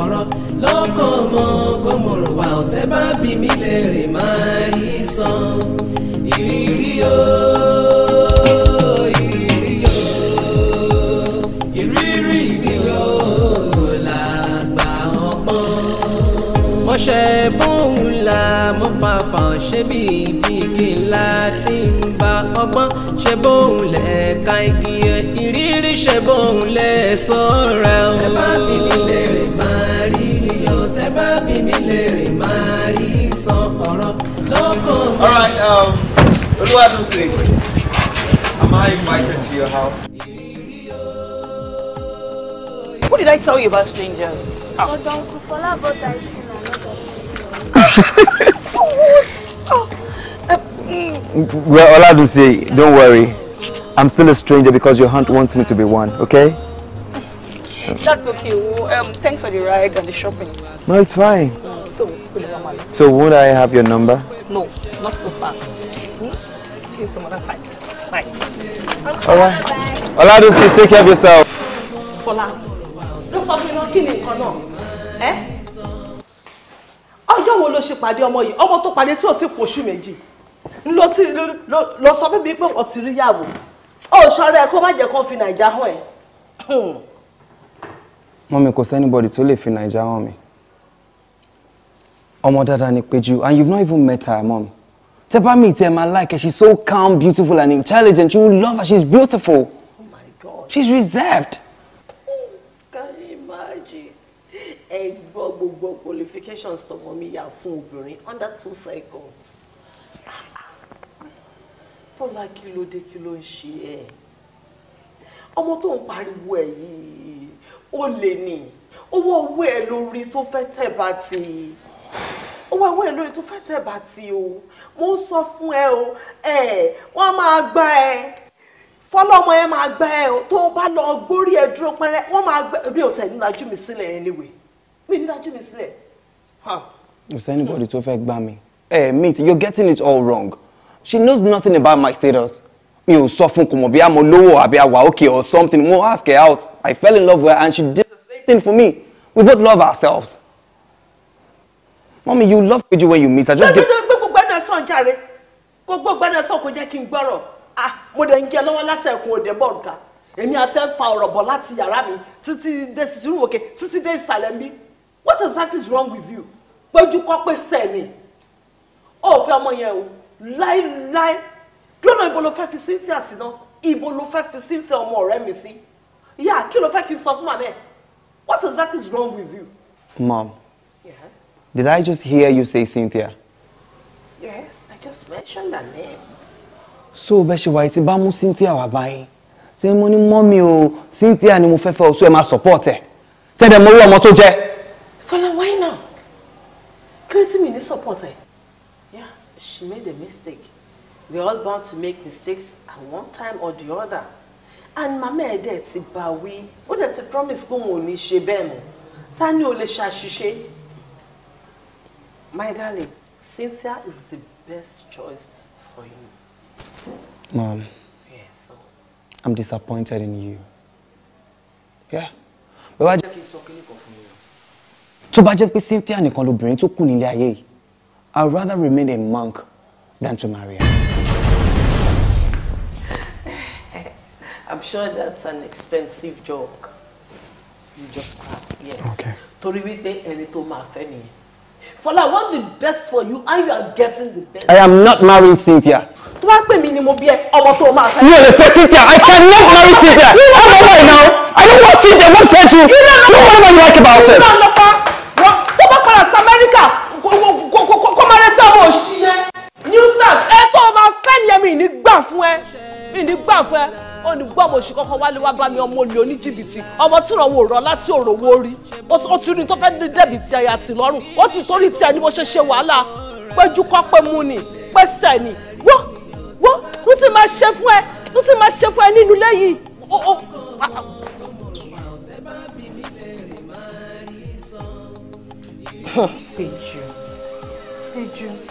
ọ̀rọ̀ lọ́kàn ọmọ kó mo rò wá ọ̀tẹ́ bá bí mi lè rè máa yí san ìrírí o. ìrírí mo ṣe bóun la mo fàfà ṣe bí ibi ńlá tí ń ba ọgbọ́n ṣe bóun lẹ̀ka igi ẹ̀ ìrírí ṣe bóun lẹ̀ sọ́ra o. ẹ bá mi nílé rẹ̀ máa mi lèrè máa rí san ọ̀rọ̀ lọ́kàn am I invited to your house. What did I tell you about strangers? Ah. Ọ̀dọ̀ nkùn Fọlá bọ́tà So what? Oh. Uh, mm. Well, Oládùnsìn, don't worry. I'm still a stranger because your aunt wants me to be one, okay? That's okay. Well, um, thanks for the ride and the shopping. No, it's fine. Mm, so, so would I have your number? No, not so fast. Hmm? See you some other time. Bye. Okay. All right. Oladusi, take care of yourself. Fọlá, ló sọ fún mi náà kí ni nǹkan náà? Ẹ́ ọjọ́ wo ló ṣe omo, ọmọ yìí? Ọmọ tó pàdé tí meji. Lo pòṣù lo Ló sọ fún mi pé wọ́n ti rí yàwó. Ó ṣọ́ra ẹ̀ kó má jẹ́ kó mọ́mi kò sẹ́nibọ́dì tó lè fi nàìjà hàn mi ọmọ dáadáa ni Péjú and you've not even met her mom tẹ́pá mi tẹ́ máa like her she's so calm beautiful and intelligent you love her she's beautiful oh my God. she's reserved. can you imagine ẹ gbọ́ gbogbo qualifications tọmọ mi yà fún obìnrin under two seconds fọlá kí ló dé kí ló ń ṣe ẹ ọmọ tó ń pariwo ẹ yìí ó lè ní owó owó ẹ lórí tó fẹ́ tẹ̀ bá ti owó owó ẹ lórí tó fẹ́ tẹ̀ bá ti o mo ń sọ fún ẹ o ẹ wọ́n máa gbá ẹ fọlọ́mọ ẹ máa gbá ẹ o tó o bá lọ gbórí ẹ dúró pẹ́rẹ́ wọ́n máa gbá ẹ bí o tẹ̀ nílájú mi sílẹ̀ anyway mi nílájú mi sílẹ̀. kò sẹ́ni bọ́ọ̀dì tó fẹ́ gbá mi. ẹ mi you're getting it all wrong she knows nothing about my status mi ò sọ fún kò mọ̀ bí àmọ́ lówó àbí àwà òkè or something mo ask her out I fell in love with her and she did the same thing for me we both love ourselves. Mommy, you love Peju when you meet her. Just give. Gbogbo gbẹ́nà sàn jàre. Gbogbo gbẹ́nà sàn kò jẹ́ kí n gbọ́rọ̀. Ah, mo dẹ̀ ń jẹ lọ́wọ́ láti ẹ̀kún òde bọ́ọ̀lù ká. Èmi àti ẹ̀ ń fa ọ̀rọ̀ bọ̀ láti yàrá mi títí dé sùúrù òkè títí dé ìsàlẹ̀ mi. What exactly is wrong with you? Péjú kọ́ pé sẹ́ẹ̀ ni. O ò fẹ́ ọmọ yẹn o. Láíláí dúró ibo ló fẹ́ fi Cynthia sí náà ibo ló fẹ́ fi Cynthia ọmọ ọ̀rẹ́ mi sí ìyá kí ló fẹ́ kí n sọ fún màmá ẹ̀ what exactly is wrong with you. mom yes? did I just hear you say Cynthia. yes I just mentioned her name. so bẹ́ẹ̀ ṣe wáyé tí bá mú Cynthia wá báyìí tí mo ní mọ́mí o Cynthia ni mo fẹ́ fẹ́ o so ẹ máa support ẹ̀ tẹ́lẹ̀ mo rí ọmọ tó jẹ́. Fọlá why not? kí ló ti mi ní support ẹ̀? yeah she made a mistake we're all bound to make mistakes at one time or the other and mama ẹ dẹ̀ ti bá wí ó dẹ̀ ti promise pé òun ò ní ṣe bẹ́ẹ̀ ta ni ò lè ṣàṣìṣe my darling Cynthia is the best choice for you. Mom. Yes. I'm disappointed in you. Yeah. Bẹ́ẹ̀ wá jẹ́ kí n sọ kíní kan fún mi. Tó bá jẹ́ pé Cynthia nìkan lobìnrin tó kù nílé ayé yìí, I'd rather remain a monk than to marry her. I'm sure that's an expensive joke. You just grab, yes. Okay. Torí wípé ẹni tó máa fẹ́ nìyẹn. Fọlá, I want the best for you and you are getting the best. I am not marrying Cynthia. Tó bá pè mí ni mo bí ẹ, ọmọ tó máa You are the first Cynthia. I cannot marry Cynthia. I'm away now. I don't want Cynthia. What can you? Do whatever you like about it. Tó bá padà sí Amẹ́ríkà, kò máa retí àwọn òṣìṣẹ́ new stars ẹ tó o máa fẹ́ ni ẹ̀mí ní gbà fún ẹ mi ní gbà fún ẹ ó ní gbọ́ mo sì kọ́kọ́ wálé wá bá mi ọmọ olè oníjìbìtì ọmọ tí ìrànwọ́ òrọ̀ láti òrò wo rí ó ti ní tó fẹ́ ní dẹ̀bi ti àyà tì lọ́rùn ó ti torí tí ẹni mo ṣe ṣe wàhálà péjú kọ́ pé mu ni pẹ́sẹ̀ ni wọ́n wọ́n mo ti máa ṣe fún ẹ mo ti máa ṣe fún ẹ nínú ilé yìí Péjú Péjú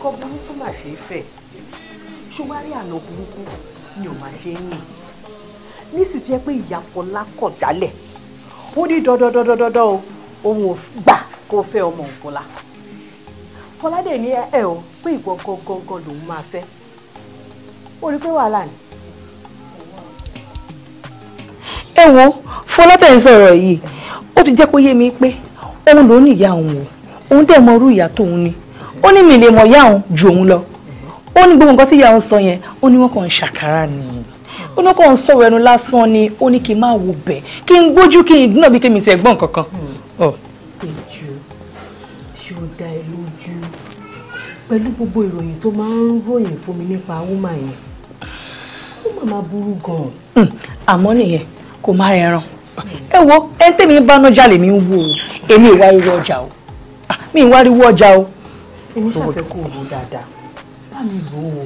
ọkọ̀ burúkú mà ṣe é fẹ̀ ṣùwárí àná burúkú ni ò mà ṣe é yìn nísìtú yẹ pé ìyá Fọlá kọ̀ jálẹ̀ ó ní dọ́dọ́dọ́dọ́dọ́ o òun ò gbà kó fẹ́ ọmọ Fọlá Fọlá dẹ̀ ní ẹ o pé ìwọ gangan lòun máa fẹ́ ó rí pé wàhálà ni. ẹ wo Fọlá tẹ̀ ń sọ̀rọ̀ yìí ó ti jẹ́ kó yé mi pé òun lòún ní ìyá òun o òun dẹ̀ mọ irú ìyá tóun ni ó ní mi lè mọ̀ ìyá òun ju òun lọ ó ní gbogbo nǹkan tí ìyá òun sọ yẹn ó ní wọ́n kàn ń ṣàkárà nìyí ó ní kàn ń sọ̀rọ̀ ẹnu lásán ni ó ní kí n má wo bẹ̀ kí n gbójú kí n dínà bí kí mi ti ẹ̀gbọ́n kankan. ìjù hmm. ṣé ó dá ẹ lójú pẹ̀lú gbogbo ìròyìn tó máa ń ròyìn fún mi nípa wúmà yẹn ó máa burú gan hmm. àmọ́ nìyẹn kò má ẹran ẹ wo ẹni tẹ́mi bá nájà lèmi ń wo èmi ìwà irú ọjà o ah, mi ìwà irú ọjà o èmi ṣàfẹ́kù òwò dáadáa bá mi rò ó.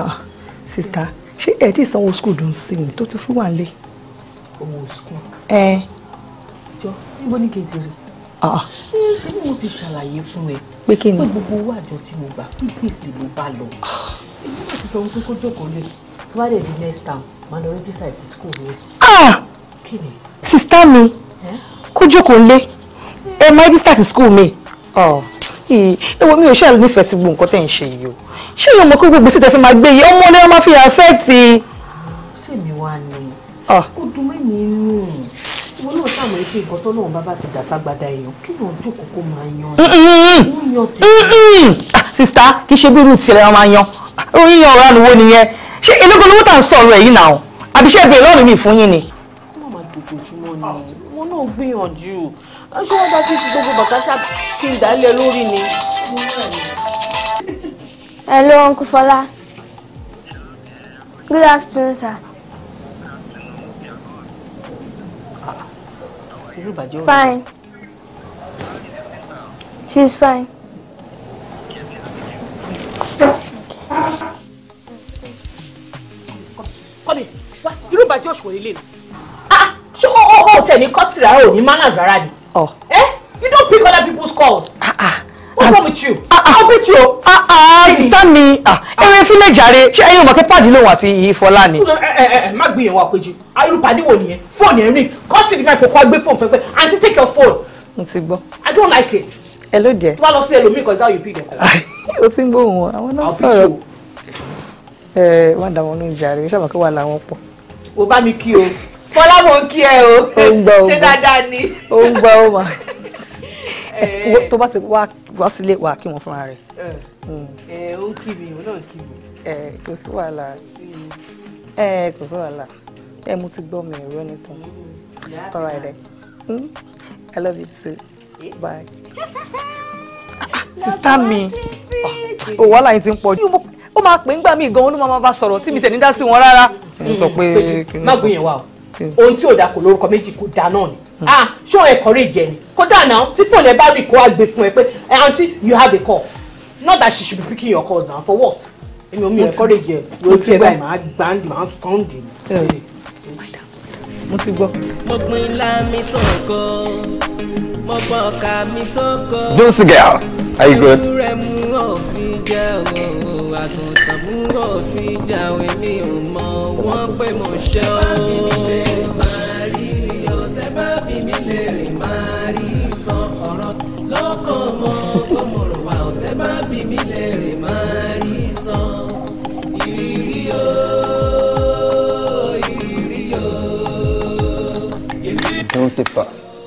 Ah, sista ṣé ẹ ti sanwó skul dùn sí mi tó tún fún wa lé. owó skul. ẹ. jọ níbo ní kí n ti rí. Ah. ṣé mo ti ṣàlàyé fún ẹ. pé kí ni. pé gbogbo owó àjọ tí mo gbà pé gbèsè ló bá lọ. Ah. èmi náà ti sọ pé kó jókòó lé tó bá dẹ̀ di next time màá lọ rẹ́jísà sí skul mi. kí ni. sista mi kó jókòó lé ẹ máa rẹ́jísà sí skul mi ewo oh, mi ò ṣáà nífẹ̀ẹ́ sí gbogbo nǹkan tẹ̀ ń ṣe yìí o ṣé yóò mọ pé gbogbo sí tẹ fi máa gbé yìí ọmọ ọlẹ́wọ́n máa fi àfẹ́ ti. ṣé mi wá ni oh. kò dùn mí nínú ìwọ náà ṣàmọ̀ pé nǹkan tó náà bábá ti dà ságbada èèyàn kí wọ́n jókòó kó máa yan ẹ̀ yan ti. Ah, sista kì í ṣe bí irú tiẹ̀ wọn máa yan oyin yan ọ̀rá nìwo nìyẹn ṣé elégó lówó tà ń sọ̀rọ̀ ẹ̀ yìí nà ọ́ àbíṣẹ́ ìbéèrè lọ́rùn mi fún yín ni. wọ́n máa dòdòjúmọ́ ni wọ́n náà gbìyànjú wọ́n ṣe wọ́n dájú gbogbo bàkátà ti ń lórí ni. hello uncle Fola good afternoon sir. fine she's fine. kọ́mi wá irú ìbàjẹ́ òṣùwọ̀n ilé mi. Ah! ṣé ó tẹ̀ ní kọ́tìrà ò ní manners rárá ni. Oh. Eh? You don't pick other people's calls. Ah ah. What's wrong with you? Ah ah. I'll beat you. Ah ah. Sister mi. Ah. ah. Ewe file jàre. Ṣé ẹ̀yin ò mọ̀ pé pàdé lòun àti Ìfọlá ni. Eh eh eh má gbé yẹn wá Péjú. Ah, Ayuru pàdé wo nìyẹn? Phone here, ring. Call to the guy kó wá gbé phone fẹ́ pé aunty take your phone. Mo I don't like it. Hello dear. Tó bá lọ sí ẹlòmíì because that you pick your call. O ti ń gbóhùn wọn. Àwọn náà sọ̀rọ̀. Ẹ eh, wá dà wọn lóhùn jàre. Ṣé àbàkẹ́ wà láwọn Wo bá mi kí o bọ́lá mo kí ẹ o ṣé dáadáa ni. ó ń gbọ́ ó mà eh. tó bá ti wá sílé wà kí wọ́n fúnra rẹ̀. ẹ eh. hmm. eh, ó kí mi òun náà kí mi. ẹ kò sí wàhálà ẹ hmm. kò sí wàhálà ẹ mo ti gbọ́ mi ẹ̀rọ nìkan tọ́ra ẹ̀rẹ́ I love you too bye. sista mi òwò ah, oh, àlàyé ti ń pọ̀ jù ó máa pè ń gbà mí gan-an ló máa bá sọ̀rọ̀ tí mi tẹ̀ ní dá sí wọn rárá. sọ pé má gbìyànjú wa o. Mm. ohun tí ò da kò lórúkọ méjì kò da náà ni mm. ah ṣó encourage ẹ ni kódà náà tí fóònù ẹ bá rí kó àgbè fún ẹ pé eh, aunty you have a call not that she should be picking your calls now for what èmi ò mi encourage ẹ yóò ti gbà máa gbàǹdì máa sọ́ǹdì ni. Mm. mo ti gbọ́. mo pin la mi mo pọ̀ ká mi sọ̀kọ. Juicy girl are you good. ewúrẹ́ mú òfin jẹ́ òun àgùntàn mú òfin jà òun mi ò mọ̀ wọ́n pé mo ṣe ọ́ bí lè rìn máa rí san ọ̀rọ̀ lọ́kàn ọmọ gbọ́mọ̀rọ̀ wa ọ̀tẹ́ bá bí mi lè rìn máa rí san ìrírí o ìrírí o Don't say fast.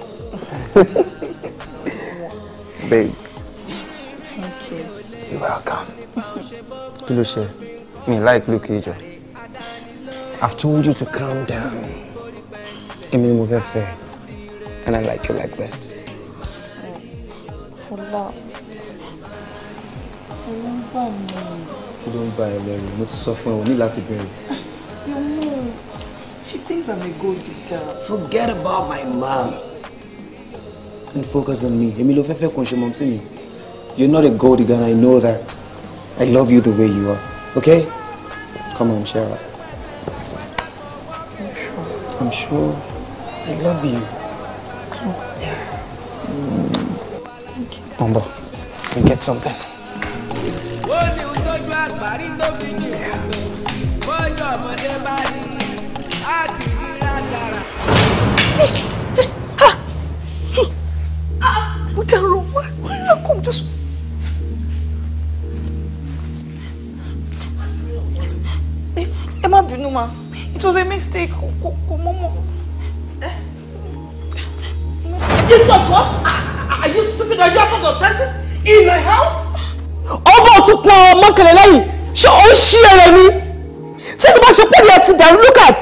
Babe. Thank You're welcome. Kí ló ṣe? Mi like look ejò. I've told you to calm down. Èmi ni mo fẹ́ fẹ́. And I like you like this. Hello. Kí ló ń bá ẹ lẹ́rù? Mo ti sọ fún ẹ, o ní She thinks I'm a gold digger. Forget about my mom. And focus on me. Èmi ló You're not a gold digger I know that. I love you the way you are. Okay? Come on, Shara. I'm sure. I'm sure. I love you. Come bro, and get something. ó ní tójú àgbárí tó fi ní ìlú bọ́jú it was a mistake kò mọ̀ mọ̀. it was what? Ah! Are you stupid? Are you out of your senses? In my house? Ọba ò tún pọn ọmọkẹlẹ lẹ́yìn. Ṣé o ń ṣí ẹrẹ ni? Tí ìbá ṣe pẹ̀lú ẹ ti dàrú look at.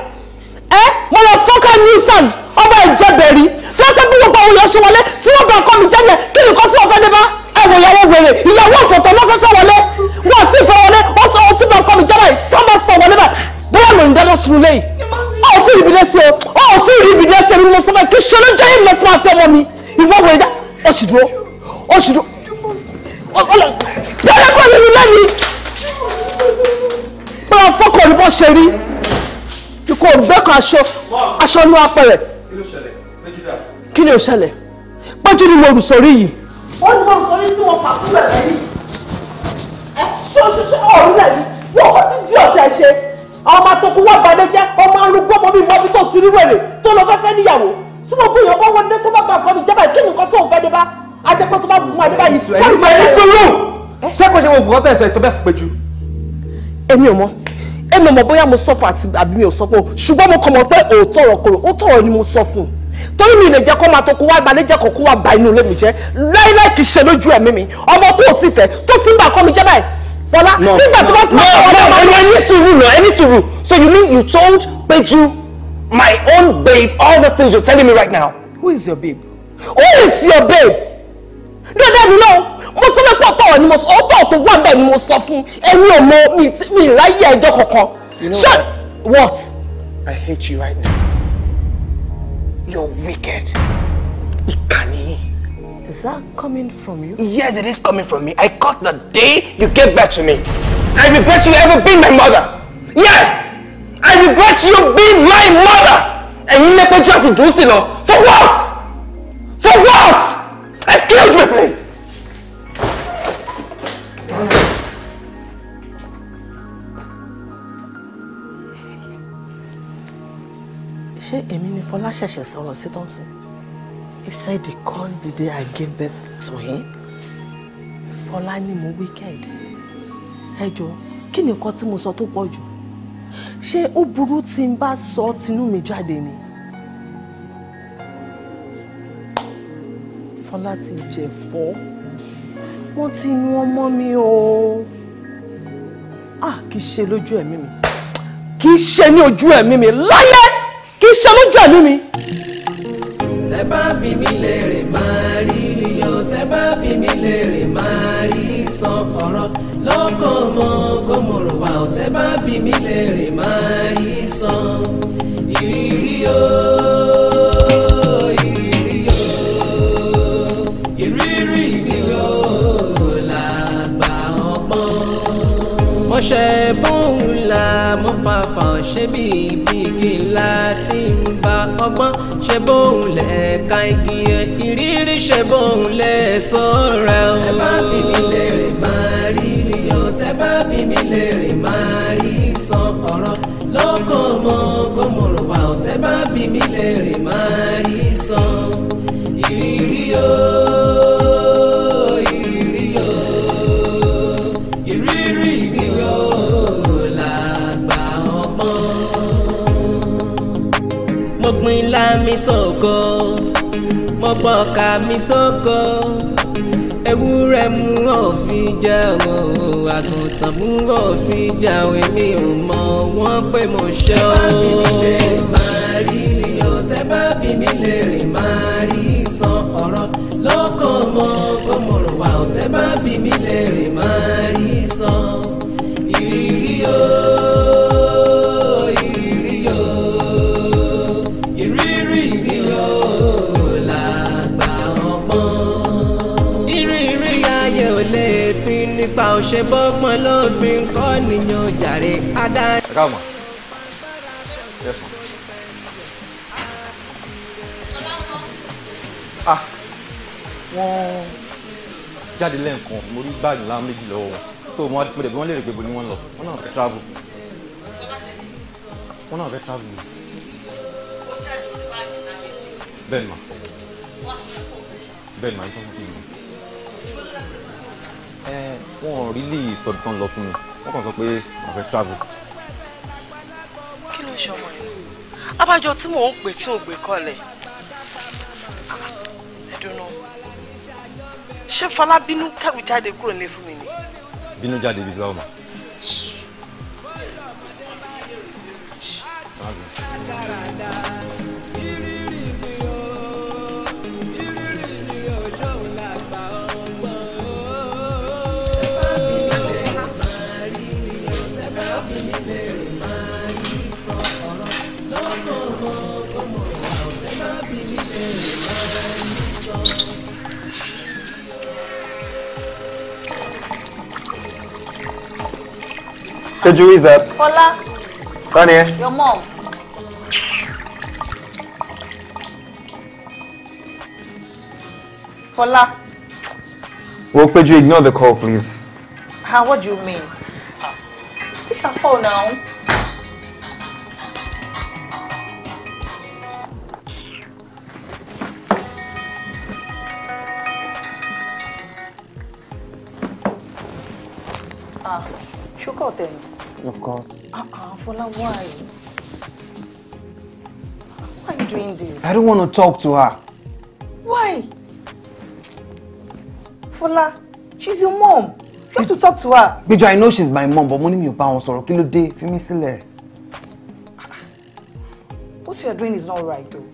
Ẹ mo lọ fọ́nká nuisance ọba ìjẹbẹ̀rí. Tí wọ́n pẹ́ bí gbogbo àwọn èèyàn ṣe wọlé tí wọ́n bá ọkọ mi jẹ́ yẹn kí nìkan tí wọ́n fẹ́ dé bá. Ẹ wọ ìyàwó wèrè ìyàwó ọ̀fọ̀tọ̀ ló fẹ́ fẹ́ wọlé. Wọ́n ti fẹ́ wọlé ó sọ ọtí bá ọkọ mi jẹ́ báyìí tí wọ́n bá fọ wọlé báyìí. Bóyá lòun dáná sun lé yìí. Ó fi ìrìbìdẹ́sẹ̀ ó fi ìrìbìdẹ́sẹ̀ mi mo sọ fẹ́ kí ṣe ló jẹ́ ìmọ̀síwáṣẹ́ mọ́ mi. Ìwọ́ wèrè já ó sì dúró ó sì dúró bẹ́ẹ̀ kọ́ mi lẹ́yìn pé ọ̀fọ́kọ̀ ni wọ́n ṣe rí kò gbẹ́kọ̀ aṣọ aṣọ inú apẹ̀rẹ̀ kí ni ó ṣẹlẹ̀ péjú ni mo rù sórí yìí. ó ní mo rù sórí tí wọ́n fà kúrẹ̀ lẹ́yìn ẹ ṣó ṣó ṣó ọ̀rùn lẹ́yìn wọ́n kò ti di ọ̀tẹ̀ ṣe ọmọ àtọkùn wà balẹ̀ jẹ́ ọmọ arúgbó ọmọ bíi mọ́bí tó ti rí wèrè tó lọ fẹ́fẹ́ níyàwó tí mo gbé yọ̀bọ̀ wọn dé tó bá gbà kọ́ mi jẹ́bà kí nìkan tó fẹ́ dé bá ajẹ́pẹ́ tó bá gun adé báyìí. ẹ̀yin ẹ̀yin sọ̀rọ̀ ṣé kò ṣe gbogbo ọ̀tẹ̀ ẹ̀sọ́ bẹ́ẹ̀ fipé ju. èmi ò mọ èmi ò mọ bóyá mo sọ fún àti àbí mi ò sọ fún o ṣùgbọ́n mo kàn mọ̀ pé òótọ́ ọ̀rọ̀ kòrò òótọ́ ọ̀rọ̀ ni mo sọ fún un torí mi lè jẹ́ kó máa tó kó wá gbalẹ̀ jẹ́ kó kó wá ba inú ilé mi jẹ́ láíláì kì í ṣe lójú ẹ̀mí mi ọmọ tó o sì fẹ́ tó sì ń bà kọ́ mi jẹ́ báyìí Fọlá nígbà tó bá sì máa tọwọ́ náà. no no no ẹni sùúrù náà ẹni sùúrù so you mean you told Peju My own babe, all the things you're telling me right now. Who is your babe? Who is your babe? Dọ́dẹ́ mi náà, mo sọ pé ọ̀tọ̀ ọ̀ ni mo sọ, ọ̀tọ̀ tó wà bẹ́ẹ̀ ni mo sọ fún ẹni ọmọ mi ìráyè ẹjọ́ kankan. Ṣé what? I hate you right now. You're wicked. Ìkànnì. Is that coming from you? Yes, it is coming from me. I cursed the day you gave back to me. I regret you ever being my mother. Yes! I regret you being my mother. Ẹ̀yin lẹ́pẹ́jọ́ àti dùn sí lọ. For what? For what? Excuse me please. ṣé èmi ni Fọlá ṣẹ̀ṣẹ̀ sọ̀rọ̀ sí Thompson? He said he caused the day I gave birth to him. Fọlá ni mo wicked. Ẹ jọ, kí ni nǹkan tí mo sọ tó pọ̀ jù? ṣé ó burú tí n bá sọ tinú mi jáde ni. fọlá ti jẹ̀fọ́ wọ́n ti nu ọmọ mi o ah kì í ṣe lójú ẹ̀mí mi kì í ṣe ní ojú ẹ̀mí mi láyé kì í ṣe lójú ẹ̀mí mi. tẹ́ bá bí mi lè rìn máa rí iyọ̀ tẹ́ bá bí mi lè rìn máa sọ ọ̀rọ̀ lọ́kàn ọmọ kọ́mọ̀rọ̀ wà ọ̀tẹ́ bá bí mi lè rìn máa yí san ìrírí o. ìrírí o ìrírí mi o làgbà ọgbọ́n. mọ̀ṣẹ́ bóun la mọ́fàfà ṣé bí kí n láti ìgbà ọgbọ́n ṣe bóun lẹ́ẹ̀ka igi ẹ̀ ìrírí ṣe bóun lẹ́ẹ̀ sọ́ra o. tẹ́ bá bí mi lè rìn máa rí iyọ̀ tẹ́ bá bí mi lè rìn máa rí sàn ọ̀rọ̀ lọ́kọ̀ ọmọ gbọ́mọ̀rọ̀ wà ó tẹ́ bá bí mi lè rìn máa rí sàn ìrírí o. ńlá mi sóko mo pọkà mi sóko ewúrẹ́ mú òfin jà wọ́n àgùntàn mú òfin jà wọ́n mọ wọ́n pé mo ṣe ọ́. ẹ bí mi lè máa rí ọ̀tẹ́ bá bí mi lè rìn máa rí san ọ̀rọ̀ lọ́kàn ọmọ gbọ́mọ̀rọ̀ wà ọ̀tẹ́ bá bí mi lè rìn máa rí san ìrírí o. nípa òṣèbọ́gbọ́n ló fi ń kọ́ nìyàn jàre adá. ah wọ́n jáde lẹ́ẹ̀kan mo rí báàgì ńlá méjì lọ́wọ́ wọn so mo dẹ̀ bí wọ́n lè rí pé bo ni wọ́n lọ wọ́n náà fẹ́ travel wọ́n náà fẹ́ travel. bẹ́ẹ̀ ni ma bẹ́ẹ̀ ni ma ìfọwọ́ wọn ò rí lè sọ ibi tán lọ fún mi wọn kàn sọ pé wọn fẹ́ travel. kí ló ń ṣe ọmọ yìí abájọ tí mò ń pè tí ò gbé kọlẹ̀ ẹ̀dùnú ah, ṣé Fọlá bínú kẹ́rù jáde kúrò nílé fún mi ni. bínú jáde bíi báwo Could you read that? Hola. Come here. Your mom. Hola. Well, could you ignore the call, please? How? Ah, what do you mean? Pick a call now. Fola, why? Why are you doing this? I don't want to talk to her. Why? Fola, she's your mom. You have to talk to her. Bijo, I know she's my mom, but money me mi ò bá wọn sọ̀rọ̀. me still there. What you are doing is not right, though.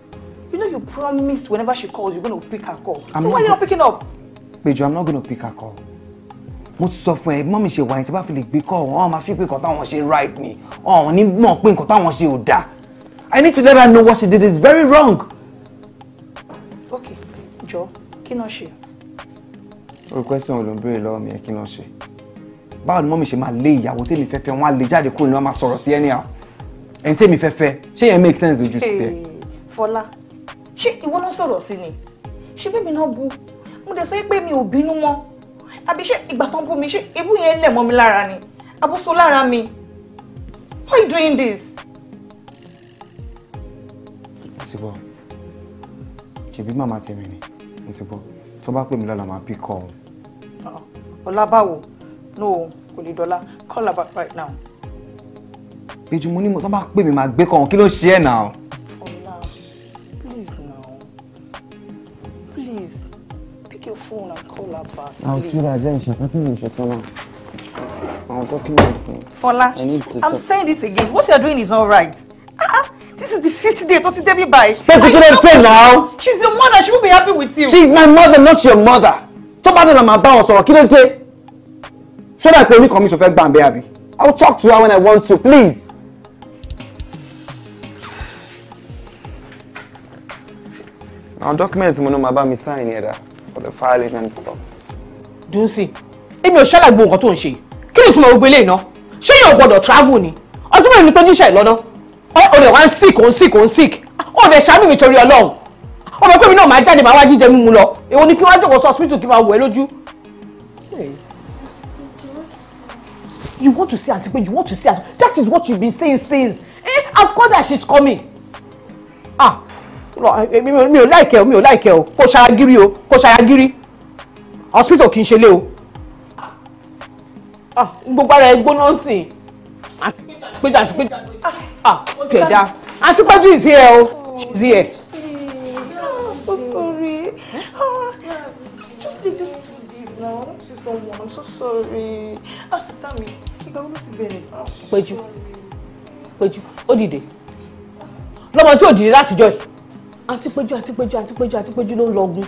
You know you promised whenever she calls, you're going to pick her call. I'm so why are you not picking up? Bijo, I'm not going to pick her call mo sọ fún ẹ mọ́mì ṣe wáyé tí bá fi lè gbé kọ́ wọn máa fi pé nǹkan táwọn ṣe right ni ọ̀hún ní mọ̀ pé nǹkan táwọn ṣe ò dáa I need to let her know what she did is very wrong. ok jọ kí náà ṣe. olùkọ́ ẹ̀sìn òun ló ń béèrè lọ́wọ́ mi ẹ̀ kí náà ṣe báwo ni mọ́mì ṣe máa lé ìyàwó tèmi fẹ́fẹ́ wọn á lè jáde kúrò ní wọn máa sọ̀rọ̀ sí ẹni àwọn ẹni tèmi fẹ́fẹ́ ṣé yẹn make sense lójú ti tẹ. Fọlá ṣé ìwọ ló sọ̀rọ̀ sí ni ṣé bẹ́ẹ̀ mi náà bu mo dẹ̀ sọ pé mi ò bínú wọn àbí ṣé ìgbà tó ń bú mi ṣé ebú yẹn lẹ̀ mọ́ mi lára ni abúso lára mi why you doing this. ti bọ ṣèbí màmá tèmi ni mo ti bọ tó bá pè mí lọ́la máa bí kọ́ ọ. ọlábàwò no kò lè dọ́là call her back right now. Péjú mo ní mo tó bá pè mí máa gbé kọ́ ọ kí ló ṣe é náà. phone and call her back. I'll do that, Jen. She's nothing in Shetona. I'll document it. Fola, I need I'm saying this again. What you're doing is all right. Ah, ah, this is the fifth day. Don't you buy? me by. Don't you get upset She's your mother. She will be happy with you. She is my mother, not your mother. Tó bá dé la máa bá wọn sọ̀rọ̀ kí ló dé? Ṣọ́dà pé oníkànmíṣọ́ fẹ́ gbà ń bẹ́ àbí? I'll talk to her when I want to, please. Àwọn dọ́kímẹ̀ntì mo ní máa bá mi sáìn yẹn dáa for the filing and stuff. dunsi èmi ò ṣàlàgbó nǹkan tó ń ṣe kí ni ìtumọ̀ gbogbo eléyìí náà ṣé yóò gbọ́dọ̀ travel ni ọdún mẹ́rin ni pé níṣẹ́ ìlọ́nà ó lè wá ń sick ó ń sick ó ń sick ó lè ṣàánú mi torí ọlọ́run ó mọ̀ pé mi náà máa jáde máa wá jíjẹ mímu lọ èwo ni kí wọ́n á jókòó sọ hospital kí n máa wọ̀ ẹ́ lójú. you want to see aunty you want to see aunty that is what you been saying since eh of course that she coming ah mi ò láìkẹ́ o mi ò láìkẹ́ o kó ṣara gírí o kó ṣara gírí hospital kì í ṣe lé o. Ah, gbogbo ara ẹ gbóná sí i àti péjọ àti péjọ ah, àti ẹ̀dá àti péjọ ìsí ẹ o ìsí ẹ. Oh, so sorry oh, just need just two days now I don't see someone I'm so sorry ah sista mi ìgbà wo ló ti bẹ̀rẹ̀. péjú péjú ó dìde lọ́mọ tí ò dìde látijọ́ yìí àti péjú àti péjú àti péjú àti péjú ló ń lọgun.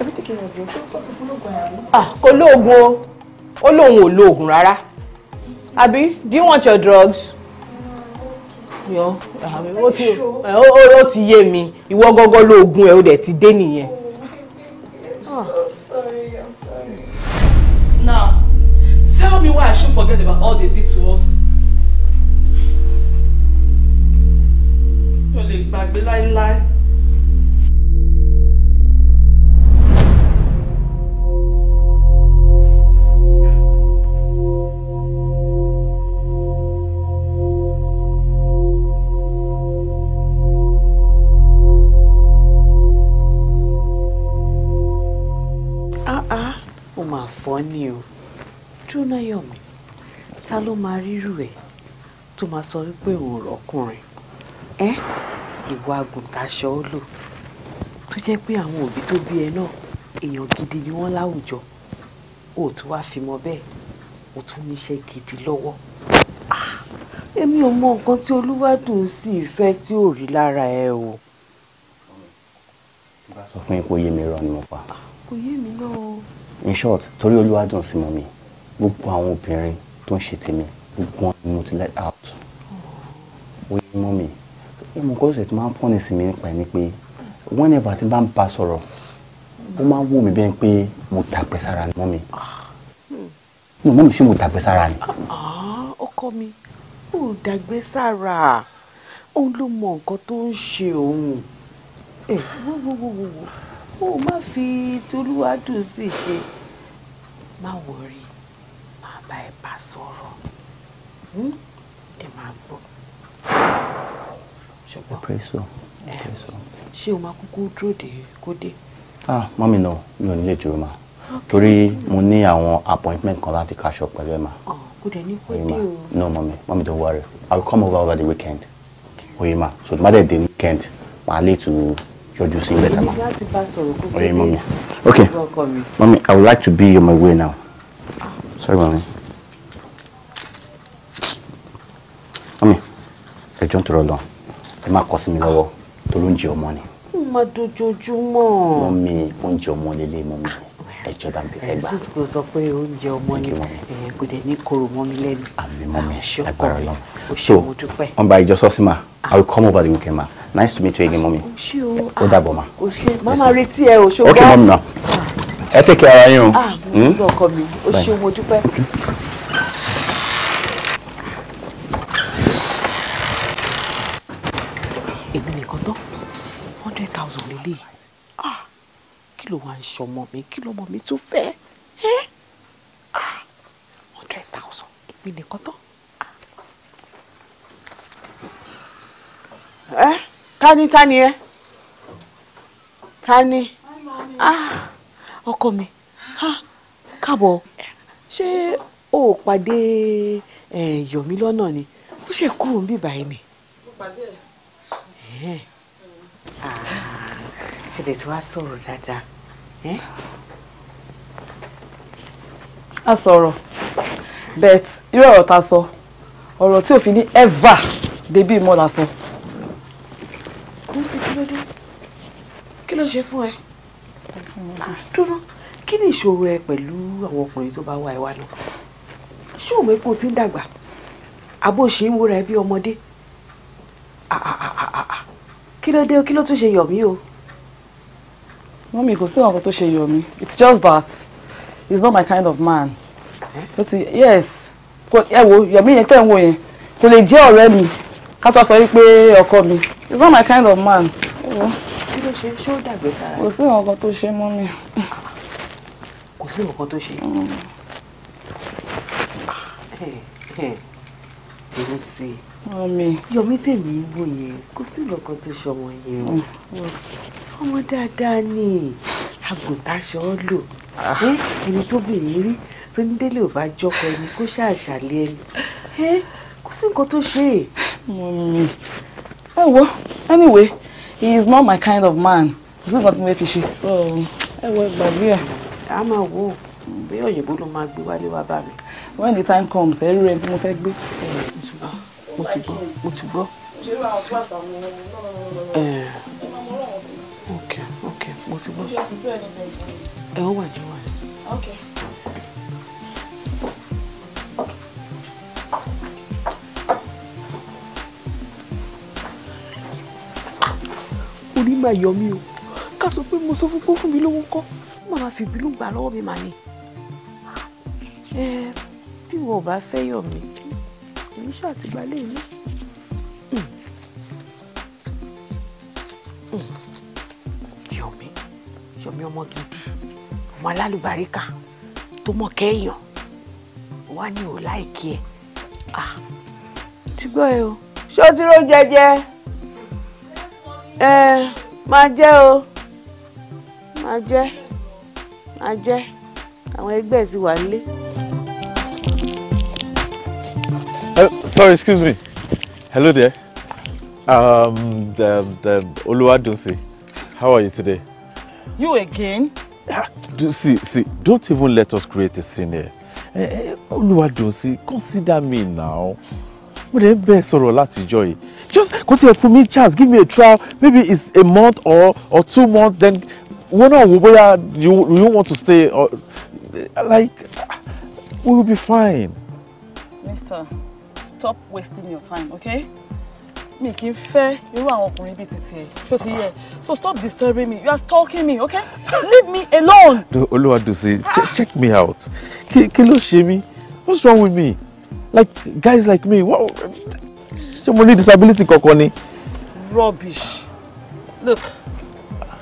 ẹbí tí kì í rìn àjò kí wọ́n ti fún lóògùn àyàwó. Ah, kò lóògùn o ó lóun ò lóògùn rárá àbí do you want your drugs? yan ó ti ó ti yé mi ìwọ gọgọ lóògùn ẹ ó dẹ̀ ti dé nìyẹn. So ah. sorry, I'm sorry. Now, tell me why I should forget about all they did to us. tó lè gbàgbé láéláé. Ah, ah, ni o jóná yọ̀mí ta ló máa rírù ẹ̀ tó máa sọ wípé òun rọ́kùnrin ẹ́ ìwà àgùntàṣọ ó lò tó jẹ́ pé àwọn òbí tó bí ẹ náà èèyàn gidi ni wọ́n láwùjọ ó tún wá fi mọ bẹ́ẹ̀ ó tún níṣẹ́ gidi lọ́wọ́ ah, èmi ò mọ nǹkan tí olúwádùn sí ìfẹ́ tí ò rí lára ẹ o. sọ fún yín pé oyè mi rọ ni mo pa. Ah, oyè mi náà o. in short torí olúwádùn sí mọ mi gbogbo àwọn obìnrin tó ń ṣe tèmi gbogbo wọn ni mo ti let out. Oh. oyè mọ́ mi ìmọ̀ kó ṣe tó máa ń fọ́ni sí mi nípa ẹni pé wọ́n ní ìbá tí bá ń bá sọ̀rọ̀ ó máa ń wù mí bẹ́ẹ̀ pé mo dàgbẹ́ sára ni mọ́ mi mo mọ́ mi sí mo dàgbẹ́ sára ni. Ah, ọkọ mi ò dàgbẹ́ sára òun ló mọ nǹkan tó ń ṣe òun ẹ wo wo wo wo o má fi tolúwádùn sí ṣe má wọrí má bá ẹ bá sọ̀rọ̀ hmm? ẹ má gbọ́ ṣùgbọ́n I pray so I so. ṣé o máa kúkú dúró dé kó dé. ah mọ́mí náà mi ò ní lè dúró máa torí mo ní àwọn appointment kan láti catch up pẹ̀lú ẹ̀ máa. Oh, kò dẹ̀ ní kó dé o. no mọ́mí mọ́mí don't worry I will come over over the weekend oye ma so the bá dẹ̀ dé weekend màá lè to yọjú sí ilẹ̀ tẹ̀ ma oye mọ́mí okay mọ́mí I would like to be on my way now ah. sorry mọ́mí. mọ́mí ẹ̀jọ̀ ń tọrọ lọ́wọ́ ẹ má kọ sí mi lọ́wọ́ tó ló ń jẹ ọmọ ni. ó máa dojoojúmọ́. wọ́n mi oúnjẹ ọmọ lélẹ̀ mọ́ mi ẹjọ́ bá ń bẹ fẹ́ gbà. sísè kò sọ pé oúnjẹ ọmọ ni kò dẹ̀ ní koro mọ́ mi lẹ́nu. àmì mọ́ mi agbára lọ so wọn bá ìjọ sọ́sí ma ah. i will come over the weekend ma nice to meet you again mọ́ mi ó dàbọ̀ ma. o ṣe mama retí ẹ o ṣe wọ́n. ok mọ́ mi náà ẹ tẹ́kẹ̀ ara yín o. ah mo ti lọ hmm? ọkọ mi o ṣe mo dúpẹ́. lélẹ̀ ah kí ló wá ń ṣọmọ mi kí lọmọ mi tún fẹ́ ẹ́ ah hundred thousand ìpín nìkan tán. Ah. ẹ tani tani ẹ tani ah ọkọ mi ah káàbọ̀ ṣé o ò pàdé yọ̀mí lọ́nà ni ó ṣe kúrò ń bíbá ẹ̀ mi ṣẹlẹ̀ tí wàá sọ̀rọ̀ dáadáa. a sọ̀rọ̀ bet irú ọ̀rọ̀ ta sọ ọ̀rọ̀ tí òfin ní ever débi ìmọ̀lá sọ. mo sì kí ló dé kí ló ṣe fún ẹ dúró kí ni ìṣòro ẹ pẹ̀lú àwọn ọkùnrin tó bá wá ẹ wá náà ṣé òun epo ti ń dàgbà àbó ṣì ń wúra ẹ bí ọmọdé ah, ah, ah, kí ló dé kí ló tún ṣe yọ̀ mí o mọ́mí kò sí nǹkan tó ṣe yọ mí it's just that he's not my kind of man ó yes ẹ wo yọ̀mí yẹn tẹ̀ ń wo me, kò lè jẹ́ ọ̀rẹ́ mi ká tó me. wípé ọkọ mi he's not my kind of man. kí ló ṣe ṣé ó dàgbé sára. kò sí nǹkan tó ṣe mọ́mí. kò sí nǹkan tó ṣe. Mm. Ah, eh, eh. kì Yọmí tèmi ń wò yẹn kò sí nǹkan tó ṣọmọ yẹn o mm, ọmọ dáadáa ni àgùntàṣọ lò ah. eh, ẹni tóbìnrin rí tó ní délé ò bá jọkọ ẹni kó ṣàṣàlẹ ẹni eh, kò sí nǹkan tó ṣe é. mọ̀mí ẹ wo anyway he is not my kind of man kò sí nǹkan tó mẹ́ fi ṣe so ẹ wo gbàgbé ẹ. a máa wo bí òyìnbó ló máa gbé wálé wá bá mi. when the time comes ẹ rí rẹ tí mo fẹ́ gbé mo ti gbọ́ mo ti gbọ́. ok ok mo ti gbọ́. ẹ ó wà ní wà orí máa yọ mí o ká sọ pé mo sọ fún fún mi lówó kọ́ màmá fi ìbínú gbà lọ́wọ́ mi màá ní bí wọn ò bá fẹ́ yọ̀ mí èmi ṣàtìgbálẹ̀ ilé. yọ̀mí yọ̀mí ọmọ gidi ọmọ alálùbáríkà tó mọ̀ kẹ́yàn wá ní ò láìkí ẹ̀ ti gbọ́ ẹ o ṣé o ti ró jẹjẹ ẹ máa jẹ́ o máa jẹ́ máa jẹ́ àwọn ẹgbẹ́ ẹ̀ ti wà nílé. sorry, excuse me. Hello there. Um, the, the Oluwadunsi, how are you today? You again? Ah, do, see, see, don't even let us create a scene here. Eh, eh Oluwadunsi, consider me now. mo dey bẹ sọ̀rọ̀ láti jọ yìí just consider for me, chance give me a trial maybe it's a month or or two months then when náà wo bóyá you you want to stay or like we will be fine. Mister stop wasting your time okay mi kì í fẹ́ irú àwọn ọkùnrin bíi titi ẹ̀ ṣó ti yẹ so stop disturbing me you are stalking me okay leave me alone. olúwadùsí check, check me out kí kí ló ṣe mí what's wrong with me like guys like me ṣé mo ní disability kankan ni. rubbish look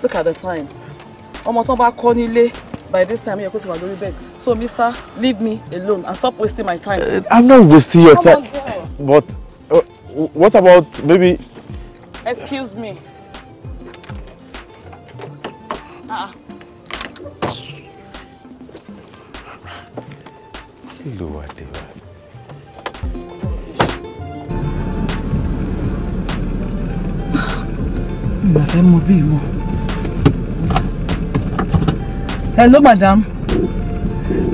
look at the time ọmọ tán bá kọ́ nílé by this time yẹ kó ti wà lórí bẹ́ẹ̀ So, mister, leave me alone and stop wasting my time. Uh, I'm not wasting your oh time. But uh, what about maybe... Excuse me. Ah. Hello, Adewa. Hello, madam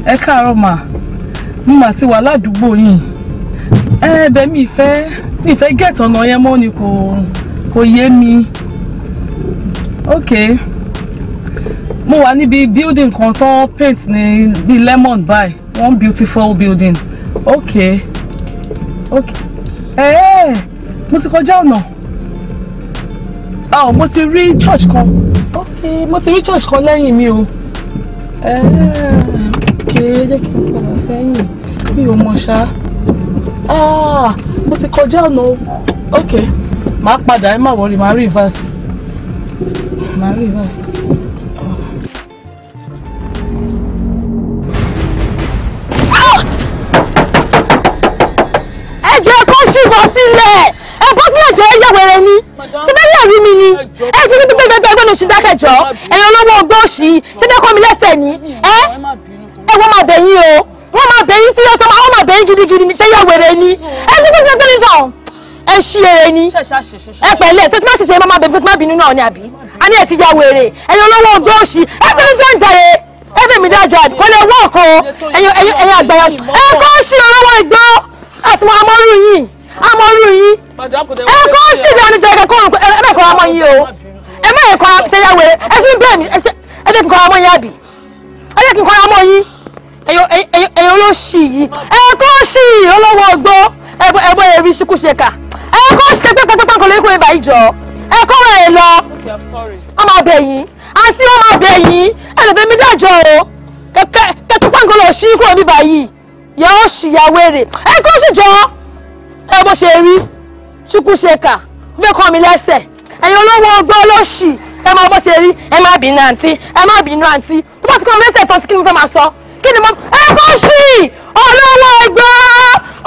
ẹ káàárọ̀ mà mo mà ti wà ládùúgbò yìí ẹ bẹ mi ìfẹ́ mi ìfẹ́ gẹ̀ẹ́tì ọ̀nà yẹn mọ́ ni kò kò yé mi ok mo wà níbi building kan tó paint ní bíi lemon buy one beautiful building ok ok ẹ ẹ mo ti kọjá ọ̀nà oh mo ti rí church kan ok mo ti rí church kan lẹ́yìn mi o. Eh kékeré jẹ́ kí n padà sẹ́yìn mi ò mọ̀ ṣá mo ti kọjá ọ̀nà ok màá padà ẹ má wọrí màá reverse màá reverse. ẹgbẹ́ kó ṣùgbọ́ sílẹ̀ ẹ bọ́ sílẹ̀ jẹ́ ẹyẹ wẹ̀rẹ̀ ni ṣé bẹ́ẹ̀ ní àrí mi ni ẹ kí ni bíbélì bẹ́ẹ̀ gbọ́dọ̀ ṣì dákẹ́jọ́ ẹ̀yàn olówó ọgbọ́n òṣì ṣé bẹ́ẹ̀ kọ́ mi lẹ́sẹ̀ ni ẹ́ wọ́n wọ́n máa bẹ̀ yín o wọ́n máa bẹ̀ yín sí ọ̀tọ̀ wọ́n máa bẹ̀ yín gidigidi ṣé yẹ wèrè ni ẹ ti gbẹgbẹ gbẹni sọ ẹ ṣí eré ni ẹ pẹ̀lẹ́ ṣe tí má ṣiṣẹ́ má bẹ̀ bí má bínú náà ni àbí a ní ẹ ti ya wèrè ẹ̀yin olówó ọgbẹ òṣì ẹ pẹ̀lú tó ń jàre ẹ bẹ mi dájà kò lè wọ ọkọ ẹ̀yin àgbàyà ẹ kọ́ sí olówó igbó àti amọ́rú yìí amọ́rú yìí ẹ kọ́ sí ibi àníjà ìkẹ́kọ̀ọ́ ẹ bẹ̀ kọ́ ọmọ yìí o ẹ má yẹ kọ́ ṣe ya wèrè ẹ sì ń bẹ̀ mí ẹ dẹ́kin kọ́ ọmọ yìí àbí ẹ dẹ́kin kọ́ ọmọ yìí ẹ̀yin olóṣì yìí ẹ̀kọ́ sí i olówó ọgbọ́ ẹ̀gbọ́n ẹ̀rí ṣíkúṣẹ̀ka ẹ̀kọ́ sí pẹ́pẹ́pẹ́pẹ́ kan lóko ìbá ìjọ ẹ̀kọ́ rẹ̀ lọ ọmọ abẹ yìí àti ọmọ abẹ yìí ẹ̀lẹ́fẹ́ mi dájọ́ o kẹ̀kẹ́ pàǹkó lọ sí kúrò níbà yìí yóò ṣìyàwó èrè ẹ̀kọ́ ṣìjọ́ ẹ̀ bó ṣe rí ṣíkúṣẹ̀ka fẹ́ mi lẹ́sẹ̀ ẹ̀yin olówó ọgbọ́ olóṣì ẹ máa bó ṣe rí ẹ má bínú àǹtí ẹ má bínú àǹtí tó bá ti kọ́ mi lẹ́sẹ̀ tán sí kí ni fẹ́ máa sọ kí ni mo ẹ kó sí ọlọ́wọ́ ẹgbẹ́